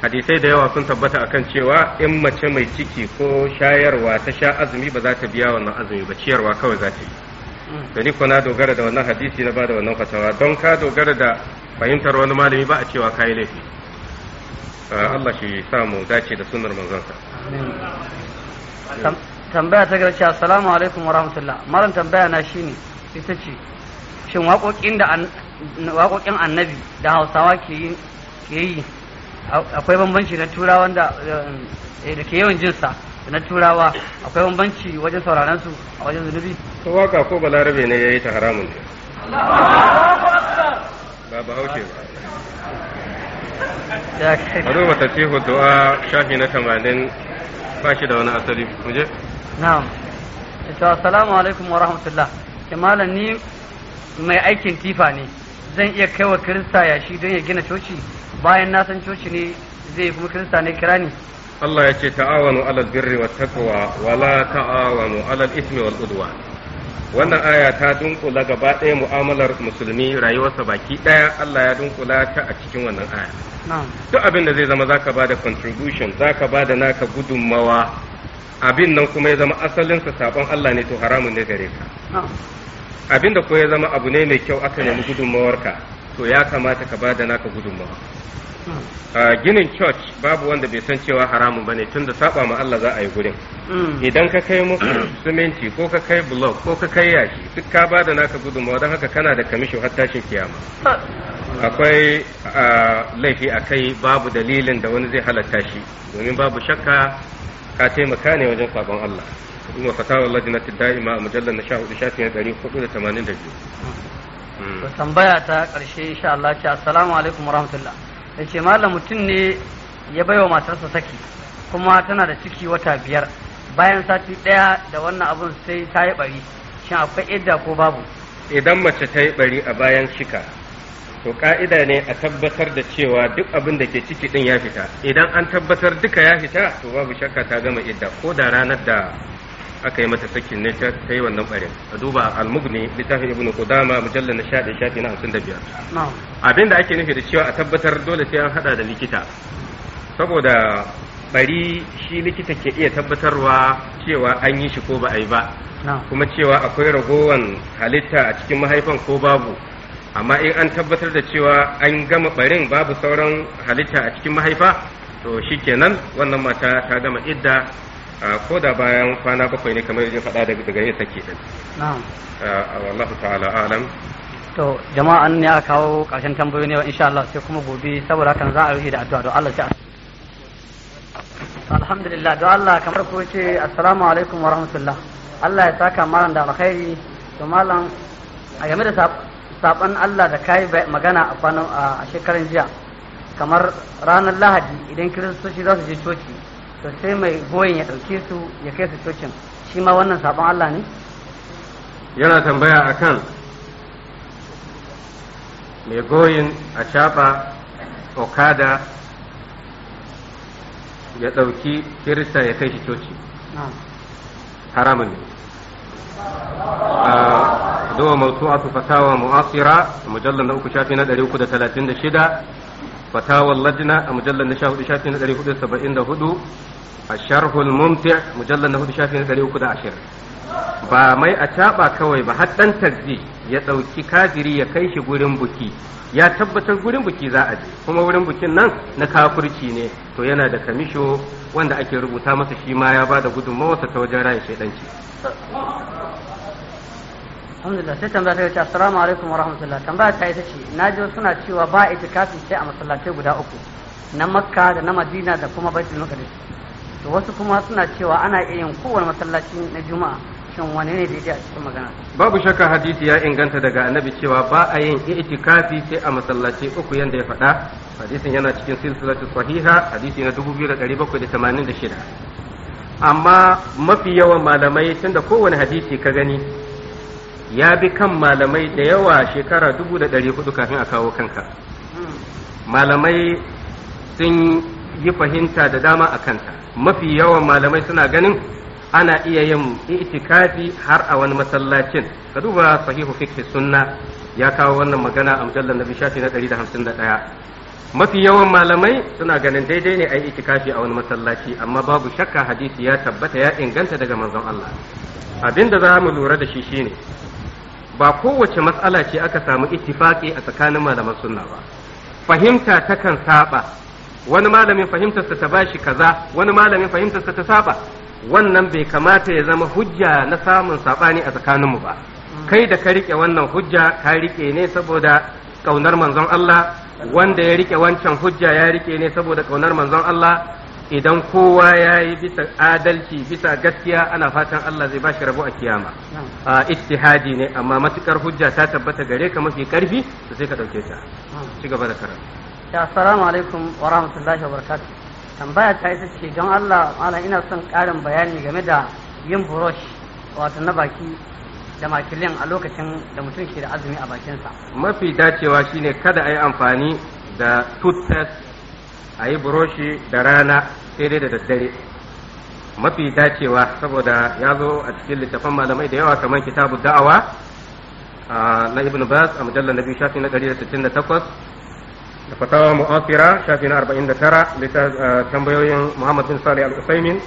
hadisai da yawa sun tabbata akan cewa in mace mai ciki ko shayarwa ta sha azumi ba za ta biya wannan azumi ba ciyarwa kawai za ta yi da mm. ni na dogara da wannan hadisi na bada wannan fatawa don ka dogara da fahimtar wani malami ba a cewa ka yi laifi ah, mm. Allah shi samu dace da sunar manzansa tambaya ta garci assalamu alaikum wa rahmatullah maran tambaya na shine ita ce shin waƙoƙin da waƙoƙin annabi da hausawa ke yi akwai bambanci na turawa da eh, da ke yawan jinsa na turawa akwai bambanci wajen sauraron su a wajen zunubi to waka ko balarabe ne yayi ta haramun ne ba bahaushe ba a duba ta ce du'a shafi na tamanin ba shi da wani asali muje na'am to assalamu alaikum wa rahmatullah kemala ni mai aikin tifa ne zan iya kaiwa kirista yashi don ya gina coci bayan na san coci ne zai kuma kirista ne kira ne. Allah ya ce ta'awanu alal birri wa taqwa wala ta'awanu alal ismi wal udwa wannan aya ta dunkula gaba ɗaya mu'amalar musulmi rayuwarsa baki ɗaya Allah ya dunkula ta a cikin wannan aya duk abin da zai zama zaka bada contribution zaka bada naka gudunmawa abin nan kuma ya zama asalinsa sabon Allah ne to haramun ne gare ka abin da ko ya zama abu ne mai kyau aka nemi ka. to ya kamata ka bada naka gudunmawa a ginin church babu wanda bai san cewa haramun bane tun da saba ma Allah za a yi gurin mm. idan ka kai musu siminti ko ka kai block ko ka kai yashi duk ka bada naka gudunmawa don haka kana da kamishin har tashin kiyama akwai laifi a kai babu dalilin da wani zai halatta shi domin babu shakka ka taimaka ne wajen sabon Allah. Ina fatawa Allah jinatin da'ima a mujallar na sha hudu shafin ɗari hudu da tamanin da biyu. Mm. to tambaya ta karshe insha Allah ce assalamu alaikum warahmatullah yace malam mutum ne ya baiwa matarsa saki kuma tana da ciki wata biyar bayan sati daya da wannan abun sai ta yi bari shin akwai idda ko babu idan mace ta yi bari a bayan cika, to ka'ida ne a tabbatar da cewa duk abin da ke ciki din ya fita idan an tabbatar duka ya fita to babu shakka ta gama idda ko da ranar da aka yi mata sakin ne ta yi wannan barin a duba al-mughni littafin ibn qudama mujallal na 11 shafi na 55 abin da ake nufi da cewa a tabbatar dole sai an haɗa da likita saboda bari shi likita ke iya tabbatarwa cewa an yi shi ko ba a yi ba kuma cewa akwai ragowan halitta a cikin mahaifan ko babu amma in an tabbatar da cewa an gama barin babu sauran halitta a cikin mahaifa to shikenan wannan mata ta gama idda ko da bayan kwana bakwai ne kamar yadda faɗa daga yadda take ɗin. na'am wallahu ta'ala alam to jama'a an ne aka kawo ƙarshen tambayoyi ne wa insha Allah sai kuma gobe saboda kan za a yi da addu'a don Allah sai alhamdulillah don Allah kamar ko ce assalamu alaikum wa rahmatullah Allah ya saka malam da alkhairi to malam a game da saban Allah da kai magana a kwanan a shekaran jiya kamar ranar lahadi idan kiristoci za su je coci to sai mai goyin ya ɗauke su ya kai su cocin shi ma wannan sabon Allah ne yana tambaya kan mai goyin a shafa okada ya ɗauki kirista ya kai shi coci haramun ne ah, duwa su fatawa mu'asira a mujallar na uku shafi na ɗari uku da talatin da shida fatawar lajina a mujallar na sha hudu shafi na ɗari hudu saba'in da hudu asharhul mumti mujallal na hudu shafi na uku da ashirin ba mai a caɓa kawai ba har ɗan tarzi ya ɗauki kafiri ya kai shi gurin buki ya tabbatar gurin buki za a je kuma wurin bukin nan na kafirci ne to yana da kamisho wanda ake rubuta masa shi ma ya bada gudunmawarsa ta wajen raya shaidanci alhamdulillah sai tambaya ta ce assalamu wa rahmatullah tambaya ta ita ce na ji wasu suna cewa ba itikafi sai a masallatai guda uku na makka da na madina da kuma baitul maqdis to wasu kuma suna cewa ana iya yin kowane masallaci na juma'a shin wane ne daidai a cikin magana babu shakka hadisi ya inganta daga annabi cewa ba a yin i'tikafi sai a masallaci uku yanda ya faɗa hadisin yana cikin silsilatu sahiha hadisi na 2786 amma mafi yawan malamai tunda kowane hadisi ka gani ya bi kan malamai da yawa shekara 1400 kafin a kawo kanka hmm. malamai sun yi fahimta da dama a kanta mafi yawan malamai suna ganin ana iya yin itikafi har a wani masallacin ka duba sahihu fikhi sunna ya kawo wannan magana a mujallar nabi shafi na 151 mafi yawan malamai suna ganin daidai ne a yi itikafi a wani masallaci amma babu shakka hadisi ya tabbata ya inganta daga manzon Allah abinda za mu lura da shi shine ba kowace matsala ce aka samu ittifaki a tsakanin malaman sunna ba fahimta takan saba wani malamin fahimtarsa ta bashi kaza wani malamin fahimtarsa ta saba wannan bai kamata ya zama hujja na samun sabani a tsakaninmu ba kai da ka rike wannan hujja ka rike ne saboda kaunar manzon Allah wanda ya rike wancan hujja ya rike ne saboda kaunar manzon Allah idan kowa ya yi bisa adalci bisa gaskiya ana fatan Allah zai bashi rabo a kiyama a ah, ittihadi ne amma matukar hujja ta tabbata gare ka mafi karfi sai ka dauke ta ci gaba da karatu assalamu alaikum wa rahmatullahi wa barakatuh tambaya ta ita ce don Allah malam ina son karin bayani game da yin brush wato na baki da makilin a lokacin da mutum ke da azumi a bakinsa mafi dacewa shine kada a yi amfani da toothpaste a yi buroshi da rana sai dai da daddare mafi dacewa saboda ya zo a cikin littafan malamai da yawa kamar kitabu da'awa na ibn bas a mujallar na biyu shafi na 168 da fatawa mu'asira shafi na arba'in da eh, tambayoyin Muhammad bin Salih al-Usaimin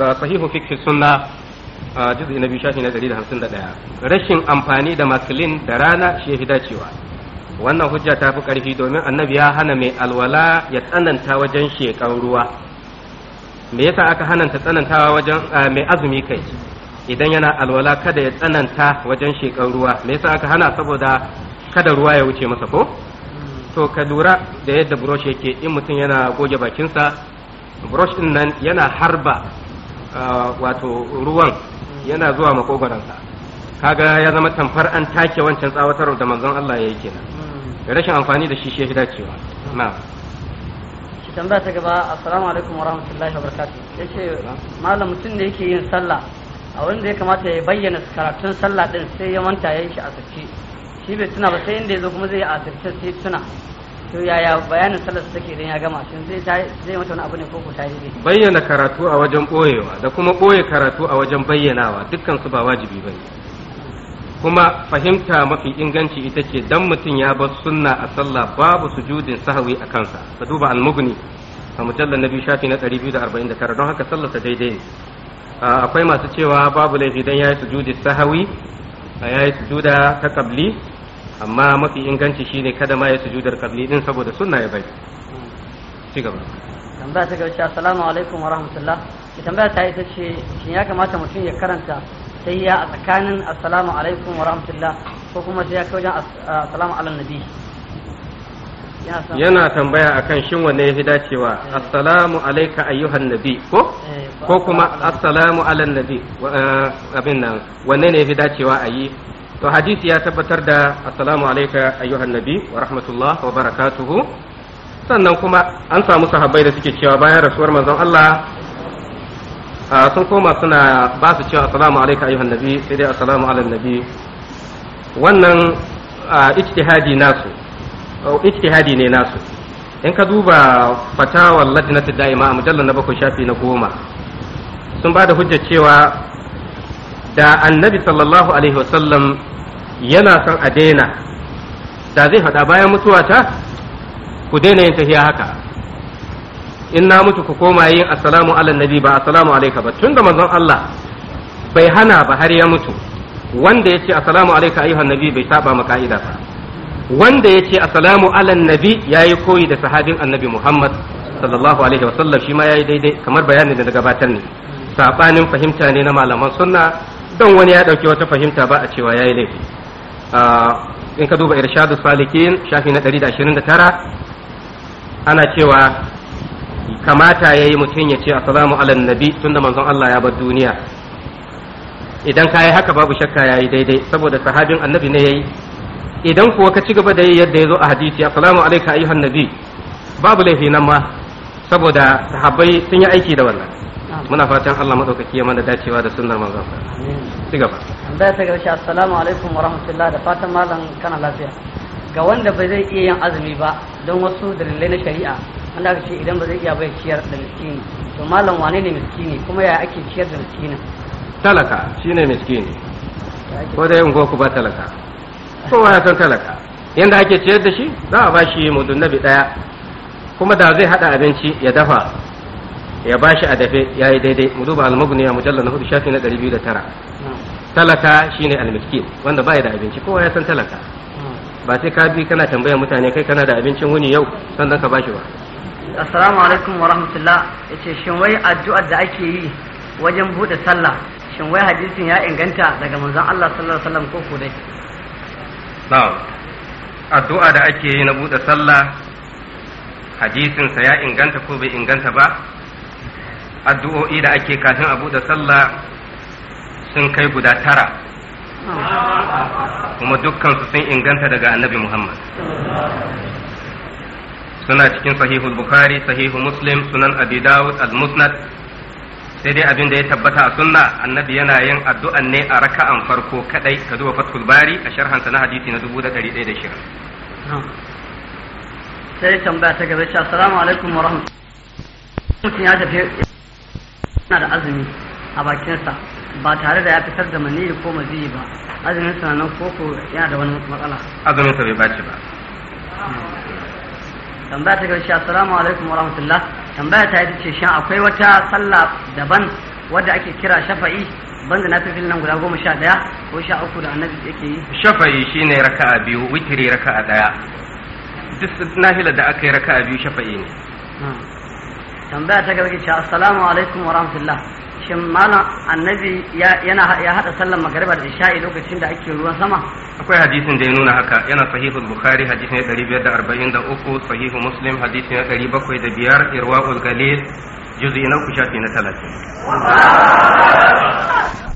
da sahihu fiqh sunna juz'i na biyu shafi na dari da da hamsin 151 rashin amfani da makilin da rana shi ya fi dacewa wannan hujja ta fi karfi domin annabi ya hana mai alwala ya tsananta wajen shekan ruwa me yasa aka hana ta tsanantawa wajen eh, mai azumi kai idan yana alwala kada ya tsananta wajen shekan ruwa me yasa aka hana saboda kada ruwa ya wuce masa ko to ka lura da yadda brush yake in mutum yana goge bakinsa brush din nan yana harba ah, wato ruwan yana zuwa makogoransa kaga ya zama tamfar an take wancan tsawatar da manzon Allah ya yi kenan hmm. rashin amfani da shi shi dacewa na shi tambaya ta gaba assalamu alaikum warahmatullahi wabarakatuh yace malam mutum da yake yin sallah a wanda ya kamata ya bayyana karatun sallah din sai ya manta yayin shi a sake shi bai tuna ba sai inda ya zo kuma zai asirce sai tuna to yaya bayanin sallar take idan ya gama shin zai zai mata wani abu ne ko ko ta yi bayyana karatu a wajen boyewa da kuma boye karatu a wajen bayyanawa dukkan su ba wajibi bane kuma fahimta mafi inganci ita ce dan mutum ya bar sunna a sallah babu sujudin sahawi a kansa ka duba al-mughni a mujallar na biyu shafi na 249 don haka ta daidai ne akwai masu cewa babu laifi dan yayi sujudi sahawi yayi sujuda ta qabli amma mafi inganci shine kada ma ya sujudar qabli din saboda sunna ya bai ci gaba tambaya ta gaba assalamu alaikum wa rahmatullah ki tambaya ta ita ce shin ya kamata mutum ya karanta sai ya a tsakanin assalamu alaikum wa rahmatullah ko kuma sai ya kai wajen assalamu ala nabi yana tambaya akan shin wanne yafi dacewa eh. assalamu alayka ayyuhan nabi ko eh, ko kuma assalamu ala nabi eh, abin nan wanne ne yafi dacewa a yi to hadisi ya tabbatar da assalamu alaika ayyuhan nabi wa rahmatullah wa barakatuhu sannan kuma an samu sahabbai da suke cewa bayan rasuwar manzon Allah sun koma suna ba su cewa assalamu alaika ayyuhan nabi sai dai assalamu ala nabi wannan ijtihadi nasu ijtihadi ne nasu in ka duba fatawar lajnati da'ima a mujallar na bakwai shafi na goma sun ba da hujjar cewa da annabi sallallahu alaihi wasallam yana son a daina da zai faɗa bayan mutuwata ku daina yin tafiya haka in na mutu ku koma yin assalamu ala nabi ba assalamu alaika ba tun da manzon Allah bai hana ba har ya mutu wanda ya ce assalamu alaika ayyuhan nabi bai saba ma ka'ida ba wanda ya ce assalamu ala nabi yayi koyi da sahabin annabi Muhammad sallallahu alaihi wasallam shi ma yayi daidai kamar bayanin da gabatar ne sabanin fahimta ne na malaman sunna don wani ya ɗauki wata fahimta ba a cewa ya yi laifi in ka duba irshadu salikin shafi na 129 ana cewa kamata ya yi mutum ya ce assalamu ala nabi tunda manzon Allah ya bar duniya idan ka yi haka babu shakka ya yi daidai saboda sahabin annabi ne ya yi idan kuwa ka ci gaba da yi yadda ya zo a hadisi assalamu alaika ayyuhan nabi babu laifi nan ma saboda sahabbai sun yi aiki da wannan muna fatan Allah madaukaki ya mana dacewa da sunnar manzon ci gaba da ta gaishe assalamu alaikum wa rahmatullahi da fatan malam kana lafiya ga wanda ba zai iya yin azumi ba don wasu dalilai na shari'a wanda aka ce idan ba zai iya bai ciyar da miskini to malam wane ne miskini kuma yaya ake ciyar da miskinin talaka shine miskini ko da yin goku ba talaka kowa ya san talaka yanda ake ciyar da shi za a ba shi mudunnabi daya kuma da zai hada abinci ya dafa ya bashi a dafe ya yi daidai mu duba a mujallar na hudu shafi na ɗari biyu da tara talaka shine almiskin wanda ba da abinci kowa ya san talaka ba sai ka bi kana tambayar mutane kai kana da abincin wuni yau sannan ka ba shi ba assalamu alaikum wa rahmatullah yace shin wai addu'ar da ake yi wajen bude sallah shin wai hadisin ya inganta daga manzon Allah sallallahu alaihi wasallam ko ko dai na'am addu'a da ake yi na bude sallah hadisin sa ya inganta ko bai inganta ba addu'o'i da ake kafin a buɗe sallah sun kai guda tara kuma dukkansu sun inganta daga annabi muhammad suna cikin sahihul bukhari sahihu muslim sunan abi dawud al-musnad sai dai abin da ya tabbata a sunna annabi yana yin addu'an ne a raka'an farko kadai ka duba fathul bari a sharhan na hadisi na 1120 sai tambaya ta gaba assalamu alaikum wa rahmatullahi suna da azumi a bakinsa ba tare da ya fitar da maniyyi ko maziyi ba azumin sa nan koko ya da wani matsala azumin sa bai bace ba tambaya ta gaishe assalamu alaikum wa rahmatullah tambaya ta yi ce shan akwai wata sallah daban wadda ake kira shafa'i banda na fifil nan guda goma sha daya ko sha uku da annabi yake yi shafa'i shine raka'a biyu witiri raka'a daya duk nahila da aka yi raka'a biyu shafa'i ne hmm. tambaya ta gaba ce assalamu alaikum wa rahmatullah shin malam annabi yana ya hada sallar magariba da isha'i lokacin da ake ruwan sama akwai hadisin da ya nuna haka yana sahihul bukhari hadisi ne 543 sahihu muslim hadisi ne 705 irwaul galil juz'i na uku shafi na 30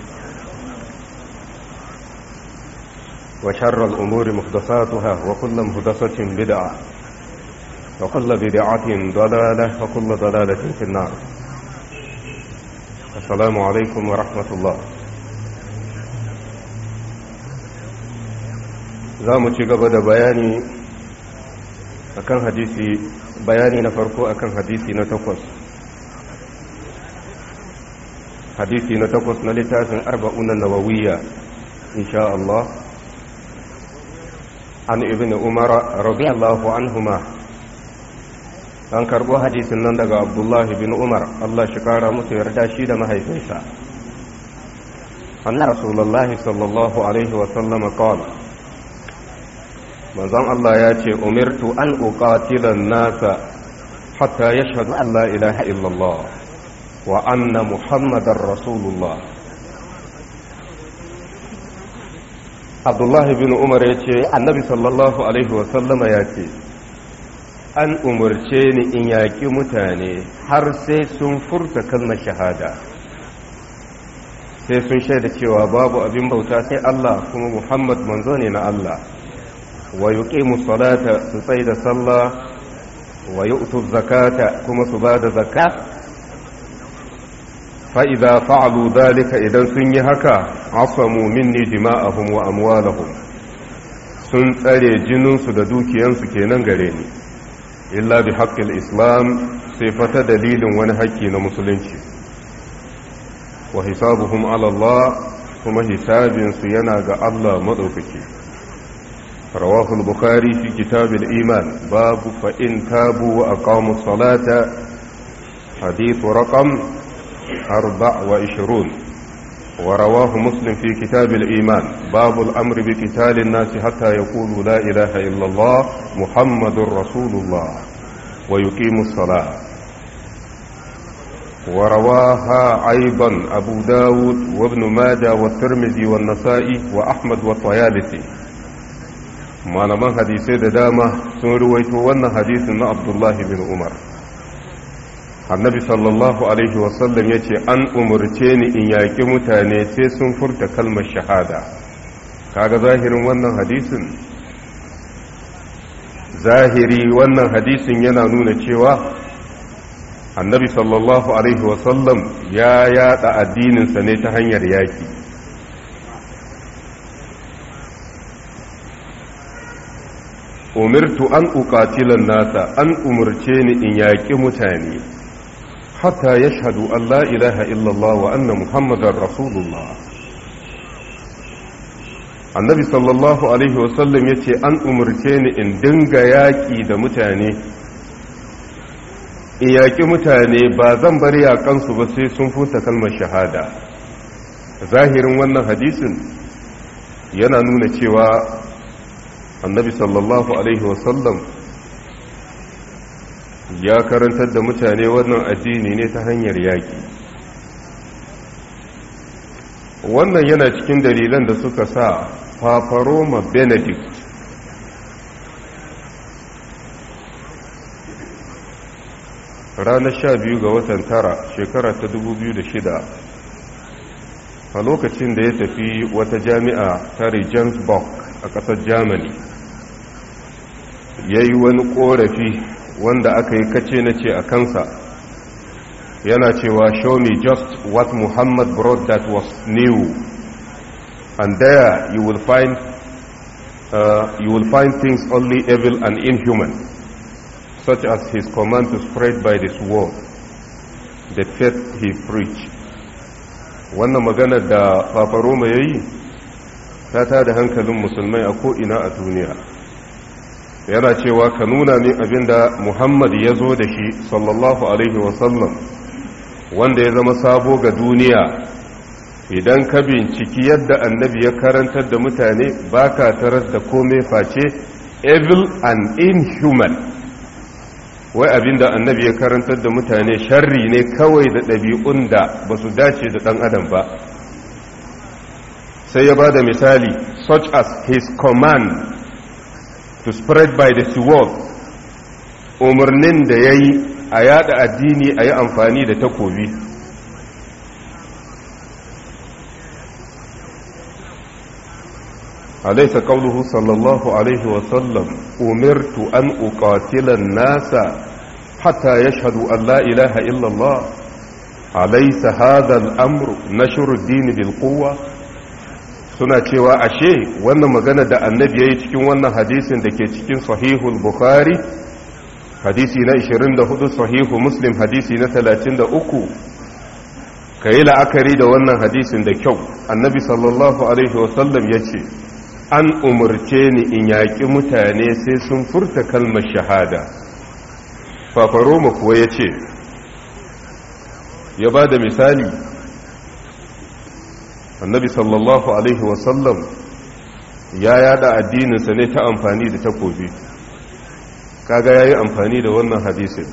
وشر الأمور مخدساتها وكل مهدسة بدعة وكل بدعة ضلالة وكل ضلالة في النار السلام عليكم ورحمة الله زامو تشيقب دا بياني أكن حديثي بياني نفرقو أكن حديثي نتوقف حديثي نتوقف نلتاس أربعون نووية إن شاء الله an ibn umar radiyallahu anhuma an karbo hadisin nan daga abdullah bin umar Allah shi kara musu yarda shi da mahaifinsa anna rasulullahi sallallahu alaihi wa sallama qala manzon Allah ya ce umirtu an uqatila nasa hatta yashhadu an la ilaha illallah wa anna muhammadar rasulullah abdullahi bin umar ya ce annabi sallallahu alaihi ya ce an umarce ni in yaƙi mutane har sai sun furta kalmar shahada sai sun shaida cewa babu abin bauta sai Allah kuma Muhammad manzo ne na Allah wa yuqimu salata su tsaida sallah wa yu'tu zakata kuma su bada zakat fa'iza fa'alu zalika idan sun yi haka asamu minni dima'ahum wa sun tsare jininsu da dukiyansu kenan gare ni illa bi haƙƙin islam sai fata dalilin wani haƙƙi na musulunci wa hisabuhum alallah kuma hisabinsu yana ga Allah maɗaukaki rawahul bukari fi kitabil iman babu fa'in tabu wa aqamu salata hadithu raqam أربع وعشرون ورواه مسلم في كتاب الإيمان باب الأمر بقتال الناس حتى يقولوا لا إله إلا الله محمد رسول الله ويقيم الصلاة ورواها أيضا أبو داود وابن ماجة والترمذي والنسائي وأحمد والطيالسي ما hadisai da دامة sun ruwaito حديث hadisin عبد الله بن umar annabi sallallahu alaihi wasallam ya ce an umarce ni in yaƙi mutane sai sun furta kalmar shahada kaga zahirin wannan hadisin zahiri wannan hadisin yana nuna cewa annabi sallallahu alaihi wasallam ya yada addininsa ne ta hanyar yaƙi umirtu an uƙatilan nasa an umarce ni in yaƙi mutane hatta ya an la ilaha illallah wa anna muhammadar annabi sallallahu alaihi wasallam ya ce an umarce ni in dinga yaƙi da mutane in yaƙi mutane ba zan bar yaƙansu ba sai sun fusa kalmar shahada zahirin wannan hadisin yana nuna cewa annabi sallallahu alaihi wasallam ya karantar da mutane wannan addini ne ta hanyar yaƙi wannan yana cikin dalilan da suka sa fafaroma benedict ranar sha ga watan tara shekara ta shida, a lokacin da ya tafi wata jami'a ta regensburg a ƙasar germany ya yi wani ƙorafi wanda aka yi kace na ce a kansa yana cewa show me just what muhammad brought that was new and there you will find uh, you will find things only evil and inhuman such as his command to spread by this war the faith he preached wannan magana da fafaroma ya yi ta tada hankalin musulmai a ko'ina a duniya yana cewa ka nuna min abin da muhammad ya zo da shi sallallahu alaihi wasallam wanda ya zama sabo ga duniya idan ka binciki yadda annabi ya karantar da mutane ba ka tarar da kome face evil and inhuman wai abinda annabi ya karantar da mutane sharri ne kawai da ɗabi'un da ba su dace da ɗan adam ba sai ya ba da misali such as his command to spread by the sword umarnin da ya yi a yada addini a yi amfani da takobi alaisa kawuluhu sallallahu alaihi wasallam umirtu an uƙatilan nasa hata ya shaɗu Allah ilaha illallah alaisa haɗar amru na shuru dini bilkowa suna cewa ashe wannan magana da annabi ya yi cikin wannan hadisin da ke cikin sahihul bukhari hadisi na 24 sahihu muslim hadisi na 33 ka yi la'akari da wannan hadisin da kyau annabi sallallahu alaihi wasallam ya ce an umarce ni in yaƙi mutane sai sun furta kalmar shahada fafaroma kuwa ya ce ya ba da misali annabi sallallahu alaihi wasallam ya yada addininsa ne ta amfani da takobi kaga yayi amfani da wannan hadisin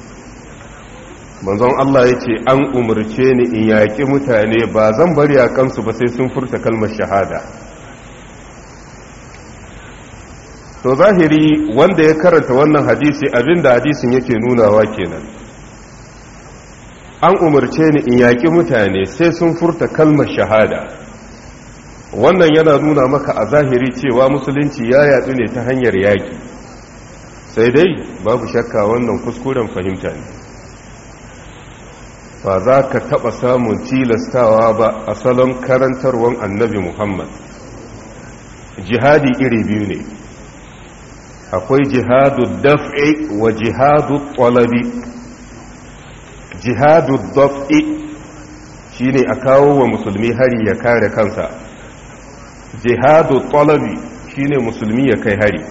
manzon Allah ya an umarce ni in yaƙi mutane ba zan bari a kansu ba sai sun furta kalmar shahada to zahiri wanda ya karanta wannan hadisi abinda hadisin yake nunawa kenan an umarce ni in yaƙi mutane sai sun furta kalmar shahada wannan yana nuna maka a zahiri cewa musulunci ya yadu ne ta hanyar yaƙi sai dai babu shakka wannan kuskuren fahimta ne ba za ka taɓa samun tilastawa ba a salon karantarwar annabi muhammad jihadi iri biyu ne akwai jihadu daf'i wa jihadu tsalabi jihadu daf'i shine a kawo wa musulmi hari ya kare kansa jihadu talabi shine musulmi ya kai hari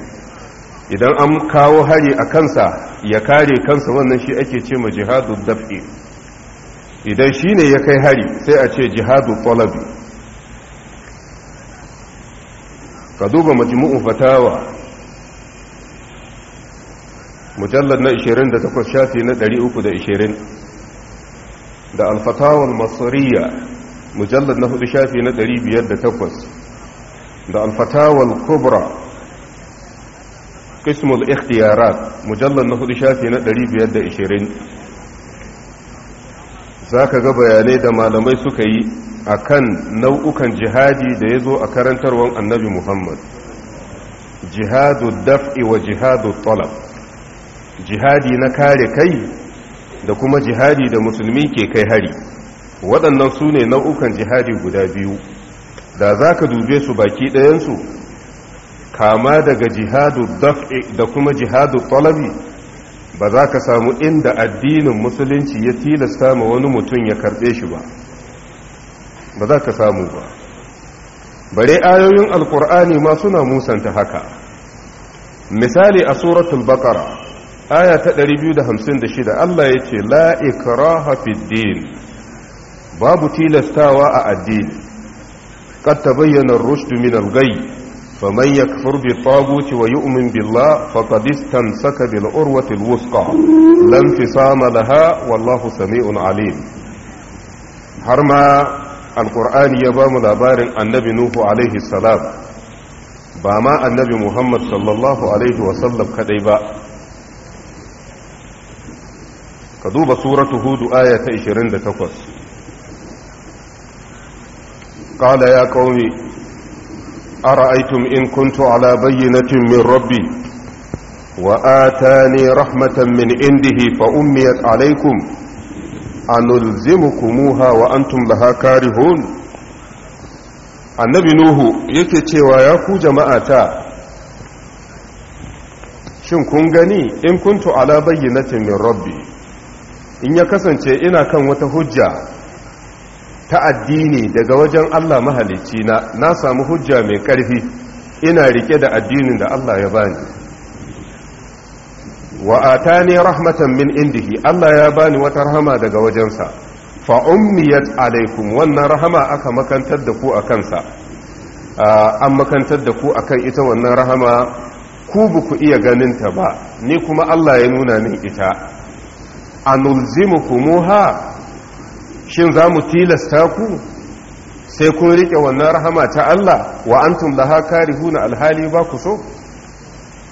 idan an kawo hari a kansa ya kare kansa wannan shi ake ce ma jihadu daf'i idan shine ya kai hari sai a ce jihadu talabi ka duba majmu'u fatawa mujallar na 28 shafi na 320 da alfatawar masariya mujallar na 4 shafi na 508 da alfatawal kubra qismul ikhtiyarat mujallal na hudu shafi na 520 zaka ga bayanai da malamai suka yi a kan nau'ukan jihadi da ya zo a karantarwan annabi Muhammad jihadu daf'i wa jihadu talab jihadi na kare kai da kuma jihadi da musulmi ke kai hari waɗannan su ne nau'ukan jihadi guda biyu da za ka dube su baki ɗayansu kama daga jihadu daf'i da kuma jihadu talabi ba za ka samu inda addinin musulunci ya tilasta ma wani mutum ya karɓe shi ba ba za ka samu ba bare ayoyin alkur'ani ma suna musanta haka misali a suratul bakara aya ta 256 Allah ya ce la ikraha fid din babu tilastawa a addini قد تبين الرشد من الغي فمن يكفر بالطاغوت ويؤمن بالله فقد استمسك بالعروة الوثقى لا انفصام لها والله سميع عليم هرما القرآن يبام لابار النبي نوح عليه السلام باما النبي محمد صلى الله عليه وسلم كديبا كدوب سورة هود آية 28 قال يا قوم أرأيتم إن كنت على بينة من ربي وآتاني رحمة من عنده فأميت عليكم أنلزمكموها وأنتم لها كارهون annabi nuhu yake cewa ya jama'ata shin kun gani in kuntu ala bayyinatin min rabbi in ya kasance ina kan wata hujja ta addini daga wajen Allah mahalicci na na samu hujja mai ƙarfi ina rike da addinin da Allah ya bani wa atani rahmatan min indihi Allah ya bani wata rahama daga wajensa fa ummiyat alaikum wannan rahama aka makantar da ku sa an makantar da ku akan ita wannan rahama ku buku iya ganin ta ba ni kuma Allah ya nuna min ita anulzimukumuha shin za mu tilasta ku sai kun rike wannan rahama ta Allah wa antum laha karihuna alhali ba ku so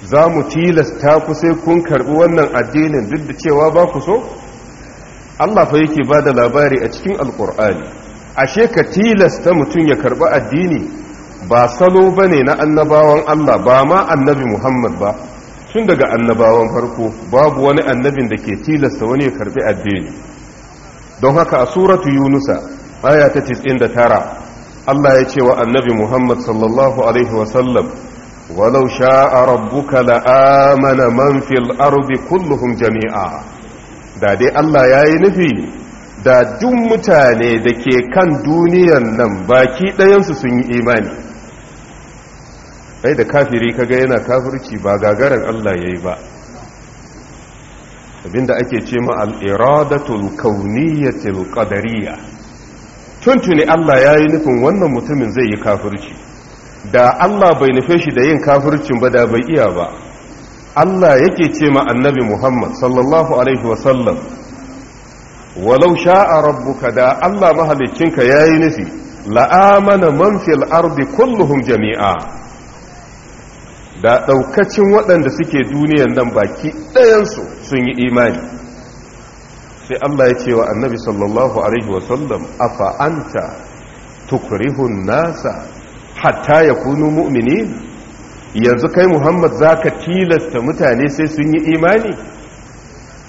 za mu tilasta ku sai kun karɓi wannan addinin duk da cewa ba ku so Allah fa yake ba da labari a cikin alkur'ani ashe ka tilasta mutum ya karbi addini ba salo ba ne na annabawan Allah ba ma annabi Muhammad ba tun daga annabawan farko babu wani annabin da ke tilasta wani ya karɓi addini don haka a suratu yunusa aya ta da tara, Allah ya ce wa annabi Muhammad sallallahu alaihi wasallam walau sha'a rabbuka la'amana man fil ardi kulluhum jami'a da dai Allah ya yi nufi da duk mutane da ke kan duniyan nan baki ɗayansu sun yi imani ai da kafiri kaga yana kafirci ba gagarin Allah ya yi ba abinda ake ce ma al'iradatul kauniyatul qadariya tuntuni Allah ya yi nufin wannan mutumin zai yi kafirci da Allah bai nufe shi da yin kafircin ba da bai iya ba Allah yake ce ma annabi Muhammad sallallahu alaihi wasallam walau sha'a rabbuka da Allah mahalicinka ya yi nufi la'amana man ardi kulluhum jami'a da ɗaukacin waɗanda suke duniyan nan baki ɗayansu sun yi imani sai Allah ya ce wa annabi sallallahu alaihi wasallam a fa'anta tukurihun nasa hatta ya kunu mu'mini yanzu kai muhammad za ka tilasta mutane sai sun yi imani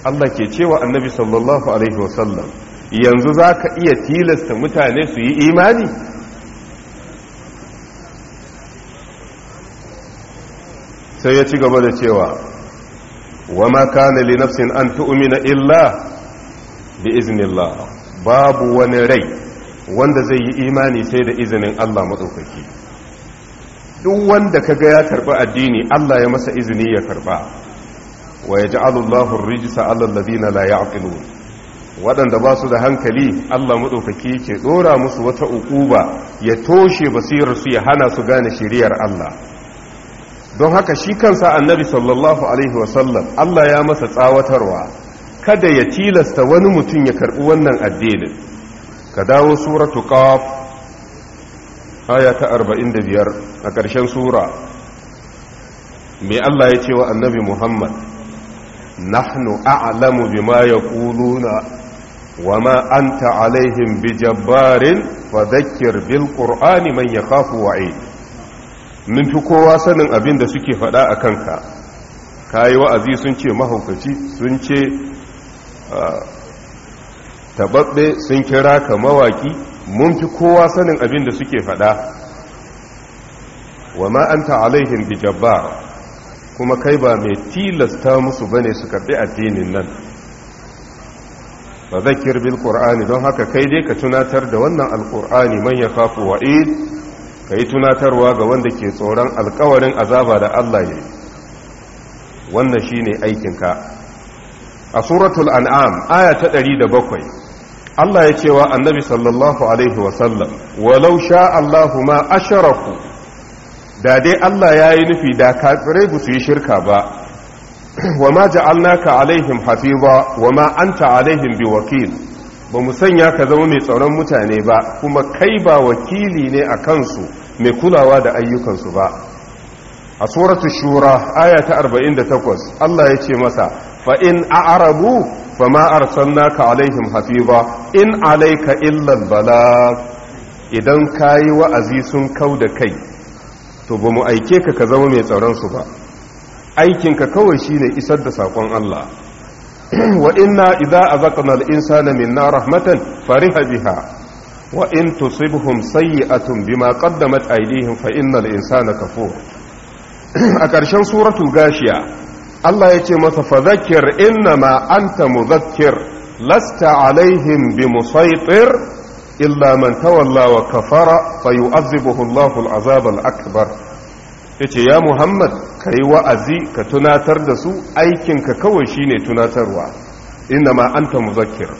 Allah ke cewa annabi sallallahu alaihi wasallam yanzu za ka iya tilasta mutane su yi imani sai ya ci gaba da cewa wa ma kana li an tu'mina illa bi iznillah babu wani rai wanda zai yi imani sai da izinin Allah matsaukaki duk wanda kaga ya karba addini Allah ya masa izini ya karba wa yaj'alu Allahu ar-rijsa 'ala alladhina la ya'qilun waɗanda basu da hankali Allah matsaukaki yake dora musu wata ukuba ya toshe basirar su ya hana su gane shiriyar Allah don haka shi kansa annabi sallallahu alaihi wasallam Allah ya masa tsawatarwa kada ya tilasta wani mutum ya karbi wannan addinin ka dawo suratu qaf aya ta 45 a ƙarshen sura me Allah ya ce wa annabi Muhammad nahnu a'lamu bima yaquluna wama anta alaihim bijabbarin fadhakkir bil bilkurani man yakhafu wa'id mun fi kowa sanin abin da suke faɗa a kanka kayi wa'azi sun ce mahaukaci sun ce taɓaɓɓe sun kira ka mawaki mun fi kowa sanin abin da suke faɗa wa ma'anta alaihin da kuma kai ba mai tilasta musu ba ne su karɓi addinin nan ba zakir bil qur'ani don haka kai dai ka tunatar da wannan alqur'ani manya yakhafu wa'id ka yi tunatarwa ga wanda ke tsoron alkawarin azaba da Allah ya yi wannan shi ne aikinka a suratul an'am aya ta ɗari da bakwai Allah ya cewa annabi sallallahu alaihi wasallam walau sha Allahu ma asharaku da dai Allah ya yi nufi da kafirai ba su yi shirka ba wa ma ja'alnaka alaihim hafiza wa ma anta alaihim biwakil ba mu sanya ka zama mai tsaron mutane ba kuma kai ba wakili ne a kansu mai kulawa da ayyukansu ba a tsoratu shura aya ta takwas, Allah ya ce masa fa in a a'rabu fama arsalnaka alaihim ba, in alaika illa bala idan yi wa'azi sun kau da kai to ba mu aike ka ka zama mai tsaron su ba aikinka kawai shi ne isar da saƙon Allah wa inna idza azaqna al-insana minna rahmatan fariha biha wa in tusibhum sayyi'atun bima qaddamat aydihim fa innal insana kafur a ƙarshen suratul gashiya Allah ya ce masa fadhakir innama anta mudhakkir lasta alaihim bimusaitir illa man tawalla wa kafara fayu'adhibuhu Allahu al-'azab al-akbar ya ce ya muhammad ka yi wa'azi ka tunatar da su aikinka kawai shine tunatarwa inda ma an ta muzakir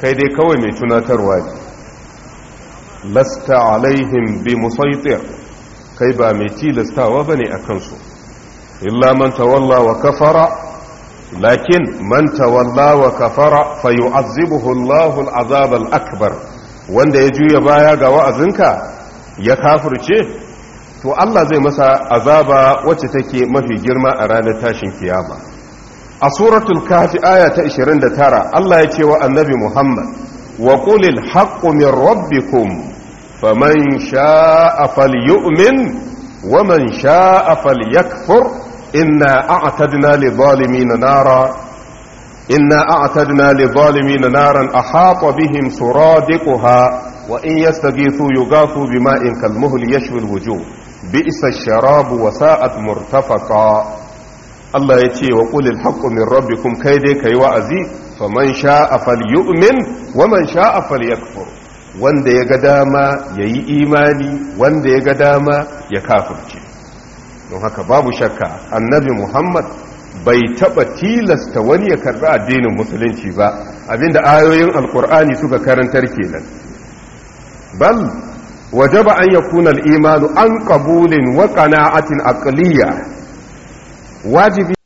kai dai kawai mai tunatarwa ne lasta alaihim bi musaitir kai ba mai tilastawa ba ne a kansu illa man tawalla wa kafara lakin man tawalla wa kafara fa yu'azzibuhu Allahu azab al-akbar wanda ya juya baya ga wa'azinka ya kafirce to Allah zai masa azaba wacce take mafi girma a ranar tashin kiyama a suratul kafi aya ta 29 Allah ya ce wa annabi Muhammad wa qulil haqqu min rabbikum faman sha'a falyu'min waman sha'a falyakfur inna a'tadna lidh-dhalimin nara إنا أعتدنا للظالمين نارا أحاط بهم سرادقها وإن يستغيثوا يغاثوا بماء كالمهل يشوي الوجوه bi'sa sharabu wa sa'at murtafaqa Allah ya ce wa qulil haqqu min rabbikum kai dai kai wa'azi faman sha'a falyu'min wa man sha'a falyakfur wanda ya ga dama yayi imani wanda ya ga dama ya kafirce don haka babu shakka annabi Muhammad bai taba tilasta wani ya karbi addinin musulunci ba abinda ayoyin alkur'ani suka karantar kenan bal wajaba an yakuna al-imanu an qabulin wa qana'atin aqliyah wajibi